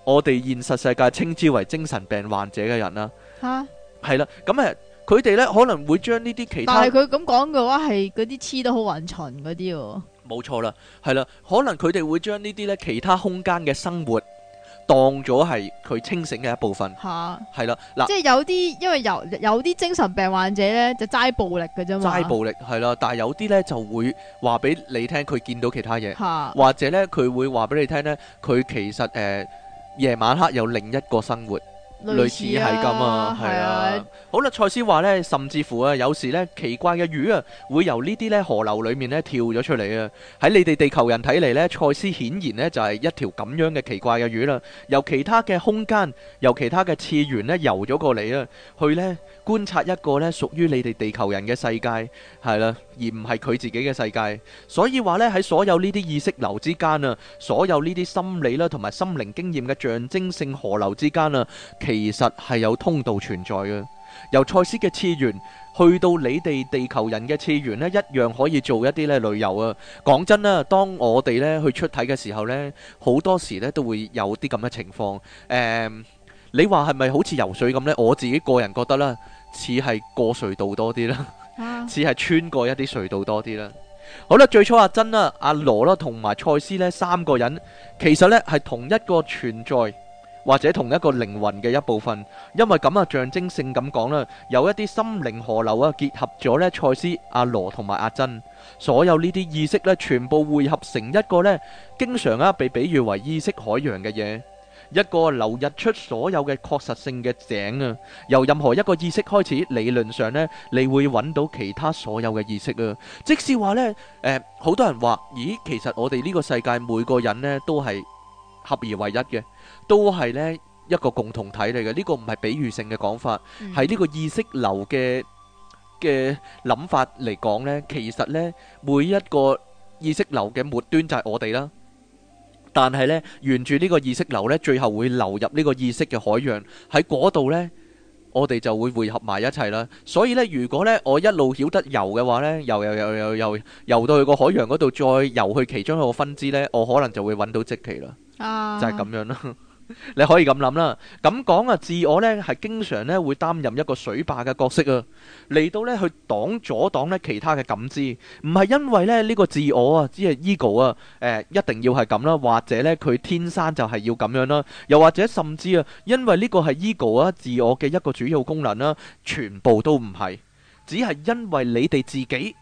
我哋現實世界稱之為精神病患者嘅人啦、啊。吓哈，係啦，咁誒，佢哋呢可能會將呢啲其他，但係佢咁講嘅話，係嗰啲黐得好混純嗰啲。冇錯啦，係啦，可能佢哋會將呢啲呢其他空間嘅生活。當咗係佢清醒嘅一部分，係啦哈，嗱，即係有啲因為有有啲精神病患者咧就齋暴力嘅啫嘛，齋暴力係啦，但係有啲咧就會話俾你聽佢見到其他嘢，哈或者咧佢會話俾你聽咧，佢其實誒、呃、夜晚黑有另一個生活。類似係咁啊，係啊，啊好啦，賽斯話呢，甚至乎啊，有時呢奇怪嘅魚啊，會由呢啲呢河流裏面呢跳咗出嚟啊，喺你哋地球人睇嚟呢，賽斯顯然呢就係、是、一條咁樣嘅奇怪嘅魚啦，啊，由其他嘅空間，由其他嘅次元呢游咗過嚟啊，去呢觀察一個呢屬於你哋地球人嘅世界，係啦，啊。而唔係佢自己嘅世界，所以話呢，喺所有呢啲意識流之間啊，所有呢啲心理啦同埋心靈經驗嘅象徵性河流之間啊，其實係有通道存在嘅，由賽斯嘅次元去到你哋地球人嘅次元呢，一樣可以做一啲咧旅遊啊。講真啦，當我哋呢去出體嘅時候呢，好多時呢都會有啲咁嘅情況。誒，你話係咪好似游水咁呢？我自己個人覺得啦，似係過隧道多啲啦。似係穿過一啲隧道多啲啦。好啦，最初阿珍啦、阿羅啦同埋賽斯呢三個人，其實呢係同一個存在或者同一個靈魂嘅一部分。因為咁啊，象徵性咁講啦，有一啲心靈河流啊，結合咗呢賽斯、阿羅同埋阿珍，所有呢啲意識呢，全部匯合成一個呢，經常啊被比喻為意識海洋嘅嘢。一個流溢出所有嘅確實性嘅井啊，由任何一個意識開始，理論上咧，你會揾到其他所有嘅意識啊。即使話咧，誒，好多人話，咦，其實我哋呢個世界每個人咧都係合而為一嘅，都係咧一個共同體嚟嘅。呢個唔係比喻性嘅講法，係呢個意識流嘅嘅諗法嚟講咧，其實咧每一個意識流嘅末端就係我哋啦。但係呢，沿住呢個意識流呢，最後會流入呢個意識嘅海洋，喺嗰度呢，我哋就會匯合埋一齊啦。所以呢，如果呢，我一路曉得遊嘅話呢，又又又又又遊到去個海洋嗰度，再遊去其中一個分支呢，我可能就會揾到跡期啦。啊、就係是咁樣啦。 *laughs* 你可以咁諗啦，咁講啊，自我呢係經常呢會擔任一個水壩嘅角色啊，嚟到呢去擋阻擋呢其他嘅感知，唔係因為咧呢個自我啊，只係 ego 啊，誒一定要係咁啦，或者呢佢天生就係要咁樣啦，又或者甚至啊，因為呢個係 ego 啊，自我嘅一個主要功能啦，全部都唔係，只係因為你哋自己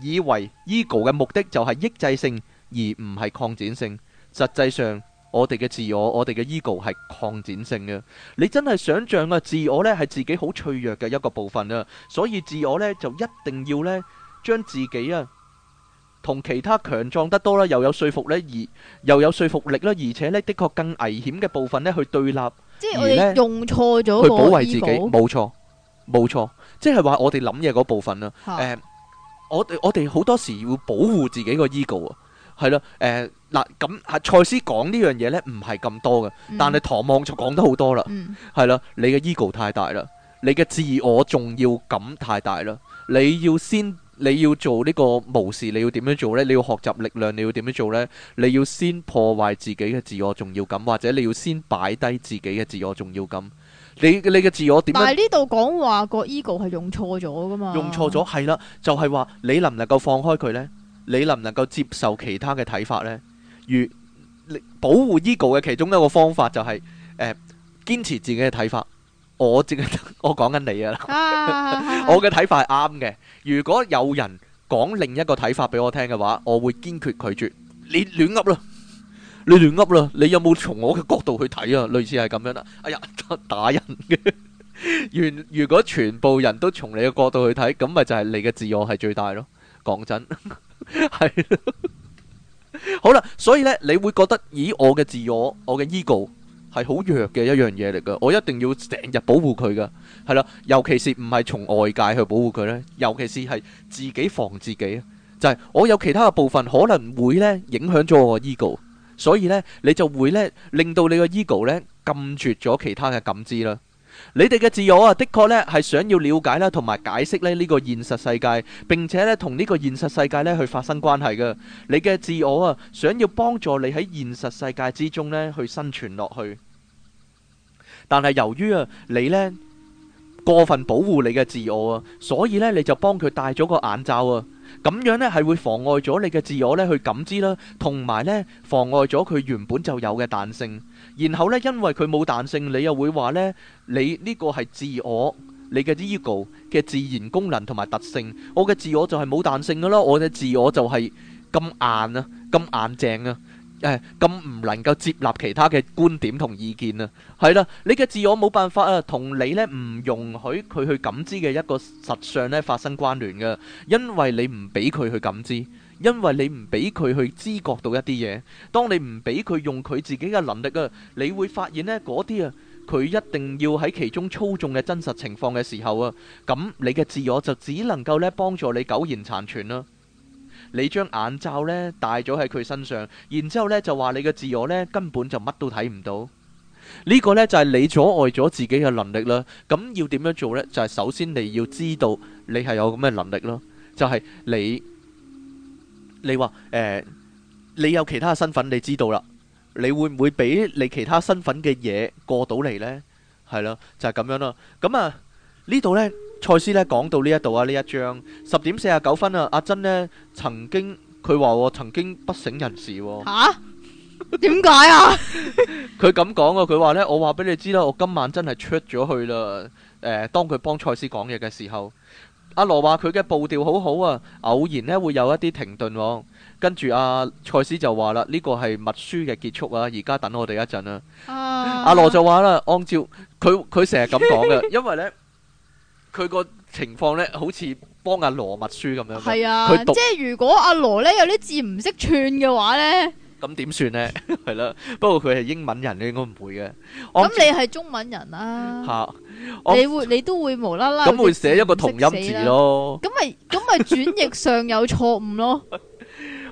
以為 ego 嘅目的就係抑制性，而唔係擴展性，實際上。我哋嘅自我，我哋嘅 ego 係擴展性嘅。你真係想象啊，自我呢係自己好脆弱嘅一個部分啊。所以自我呢，就一定要呢將自己啊同其他強壯得多啦，又有說服力而又有說服力啦，而且呢，的確更危險嘅部分呢，去對立，即係我哋而咧呢用錯咗去保衛自己，冇錯冇錯，即係話我哋諗嘢嗰部分啊。誒哈、呃，我我哋好多時要保護自己個 ego 啊，係、呃、咯，誒、呃。呃嗱咁係蔡司講呢樣嘢呢，唔係咁多嘅，但係唐望就講得好多啦，係啦，你嘅 ego 太大啦，你嘅自我重要感太大啦，你要先你要做呢個武士，你要點樣做呢？你要學習力量，你要點樣做呢？你要先破壞自己嘅自我重要感，或者你要先擺低自己嘅自我重要感。你你嘅自我點？但係呢度講話個 ego 係用錯咗噶嘛？用錯咗係啦，就係話你能唔能夠放開佢呢？你能唔能夠接受其他嘅睇法呢？如保護 ego 嘅其中一個方法就係，誒，堅持自己嘅睇法。我淨係我講緊你啊， *laughs* 我嘅睇法係啱嘅。如果有人講另一個睇法俾我聽嘅話，我會堅決拒絕。你亂噏啦，你亂噏啦，啦。你有冇從我嘅角度去睇啊？類似係咁樣啦、啊。哎呀，打人嘅。 *laughs* 如如果全部人都從你嘅角度去睇，咁咪就係你嘅自我係最大咯。講真，係。 *laughs* 好啦，所以咧你會覺得，咦，我嘅自我，我嘅 ego 係好弱嘅一樣嘢嚟噶，我一定要成日保護佢噶，係啦，尤其是唔係從外界去保護佢咧，尤其是係自己防自己，就係、是、我有其他嘅部分可能會咧影響咗我嘅 ego，所以咧你就會咧令到你個 ego 咧禁絕咗其他嘅感知啦。你哋嘅自我啊，的確咧係想要了解咧，同埋解釋咧呢個現實世界，並且咧同呢個現實世界咧去發生關係嘅。你嘅自我啊，想要幫助你喺現實世界之中咧去生存落去。但係由於啊你呢過分保護你嘅自我啊，所以呢你就幫佢戴咗個眼罩啊。咁樣呢係會妨礙咗你嘅自我咧去感知啦，同埋呢妨礙咗佢原本就有嘅彈性。然後呢，因為佢冇彈性，你又會話呢：「你呢個係自我，你嘅 ego 嘅自然功能同埋特性。」我嘅自我就係冇彈性噶啦，我嘅自我就係咁硬啊，咁硬淨啊。誒，咁唔能夠接納其他嘅觀點同意見啊，係啦，你嘅自我冇辦法啊，同你咧唔容許佢去感知嘅一個實相咧發生關聯噶，因為你唔俾佢去感知，因為你唔俾佢去知覺到一啲嘢，當你唔俾佢用佢自己嘅能力啊，你會發現咧嗰啲啊，佢一定要喺其中操縱嘅真實情況嘅時候啊，咁你嘅自我就只能夠咧幫助你苟延殘存啦。你將眼罩咧戴咗喺佢身上，然之後咧就話你嘅自我咧根本就乜都睇唔到，呢個咧就係你阻礙咗自己嘅能力啦。咁要點樣做咧？就係首先你要知道你係有咁嘅能力咯，就係你，你話誒，你有其他嘅身份，你知道啦，你會唔會俾你其他身份嘅嘢過到嚟咧？係咯，就係咁樣啦。咁啊呢度咧。蔡斯咧講到呢一度啊，呢一章十點四十九分啊，阿珍呢曾經佢話，我曾經不省人事。吓？點解啊？佢咁講啊，佢話、啊 *laughs* 啊、呢，我話俾你知、啊、啦，我今晚真係出咗去啦。誒、呃，當佢幫蔡斯講嘢嘅時候，阿羅話佢嘅步調好好啊，偶然呢會有一啲停頓、啊。跟住阿、啊、蔡斯就話啦，呢個係密書嘅結束啊，而家等我哋一陣啊。Uh、阿羅就話啦，按照佢佢成日咁講嘅，因為呢。 *laughs* 佢個情況咧，好似幫阿羅密書咁樣。係啊，讀即係如果阿羅咧有啲字唔識串嘅話咧，咁點算咧？係啦，不過佢係英文人，應該唔會嘅。咁你係中文人啦、啊，嚇、啊，你會你都會無啦啦，咁會寫一個同音字咯。咁咪咁咪轉譯上有錯誤咯。 *laughs*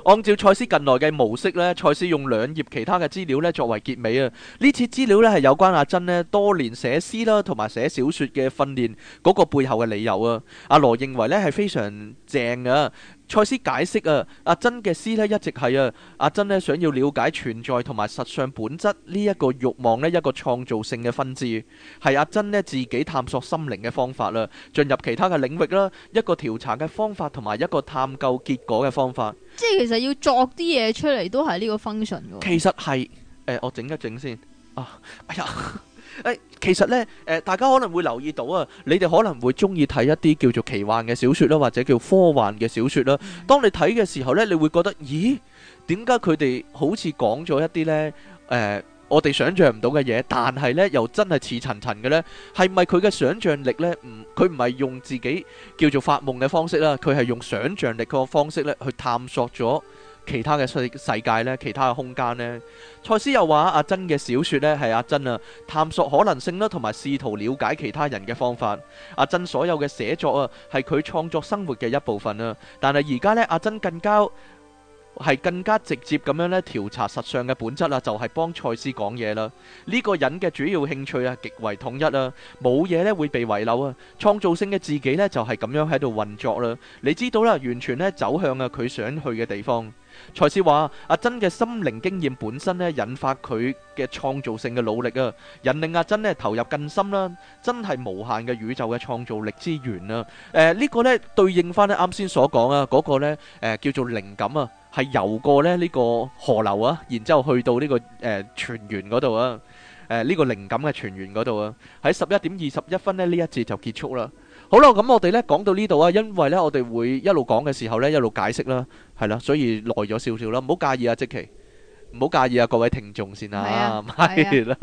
按照賽斯近來嘅模式咧，賽斯用兩頁其他嘅資料咧作為結尾啊。呢次資料咧係有關阿珍咧多年寫詩啦同埋寫小說嘅訓練嗰個背後嘅理由啊。阿羅認為咧係非常正噶。塞斯解釋啊，阿珍嘅詩咧一直係啊，阿珍呢，想要了解存在同埋實相本質呢一、這個欲望呢一個創造性嘅分支，係阿珍呢自己探索心靈嘅方法啦，進入其他嘅領域啦，一個調查嘅方法同埋一個探究結果嘅方法。即係其實要作啲嘢出嚟都係呢個 function 㗎喎。其實係誒，我整一整先啊，哎呀，誒、哎。其實咧，誒、呃、大家可能會留意到啊，你哋可能會鍾意睇一啲叫做奇幻嘅小説啦，或者叫科幻嘅小説啦。當你睇嘅時候咧，你會覺得咦，點解佢哋好似講咗一啲呢？誒、呃，我哋想象唔到嘅嘢，但係呢又真係似層層嘅呢？係咪佢嘅想像力呢？唔、嗯，佢唔係用自己叫做發夢嘅方式啦，佢係用想像力個方式咧去探索咗。其他嘅世界咧，其他嘅空間咧。蔡司又話阿珍嘅小說咧係阿珍啊，探索可能性啦，同埋試圖了解其他人嘅方法。阿珍所有嘅寫作啊，係佢創作生活嘅一部分啊。但係而家咧，阿珍更加係更加直接咁樣咧調查實相嘅本質啊，就係幫蔡司講嘢啦。呢、這個人嘅主要興趣啊，極為統一啦，冇嘢咧會被遺漏啊。創造性嘅自己咧就係咁樣喺度運作啦。你知道啦，完全咧走向啊佢想去嘅地方。賽斯話阿珍嘅心靈經驗本身咧，引發佢嘅創造性嘅努力啊，引令阿珍呢投入更深啦，真係無限嘅宇宙嘅創造力之源啊！誒、呃、呢、這個呢，對應翻咧啱先所講啊，嗰、那個呢誒、呃、叫做靈感啊，係游過咧呢個河流啊，然之後去到呢、這個誒泉源嗰度啊，誒、呃、呢、呃這個靈感嘅泉源嗰度啊，喺十一點二十一分呢，呢一節就結束啦。好啦，咁我哋呢講到呢度啊，因為呢，我哋會一路講嘅時候呢，一路解釋啦，係啦，所以耐咗少少啦，唔好介意啊，積奇，唔好介意啊，各位聽眾先啊，係啦。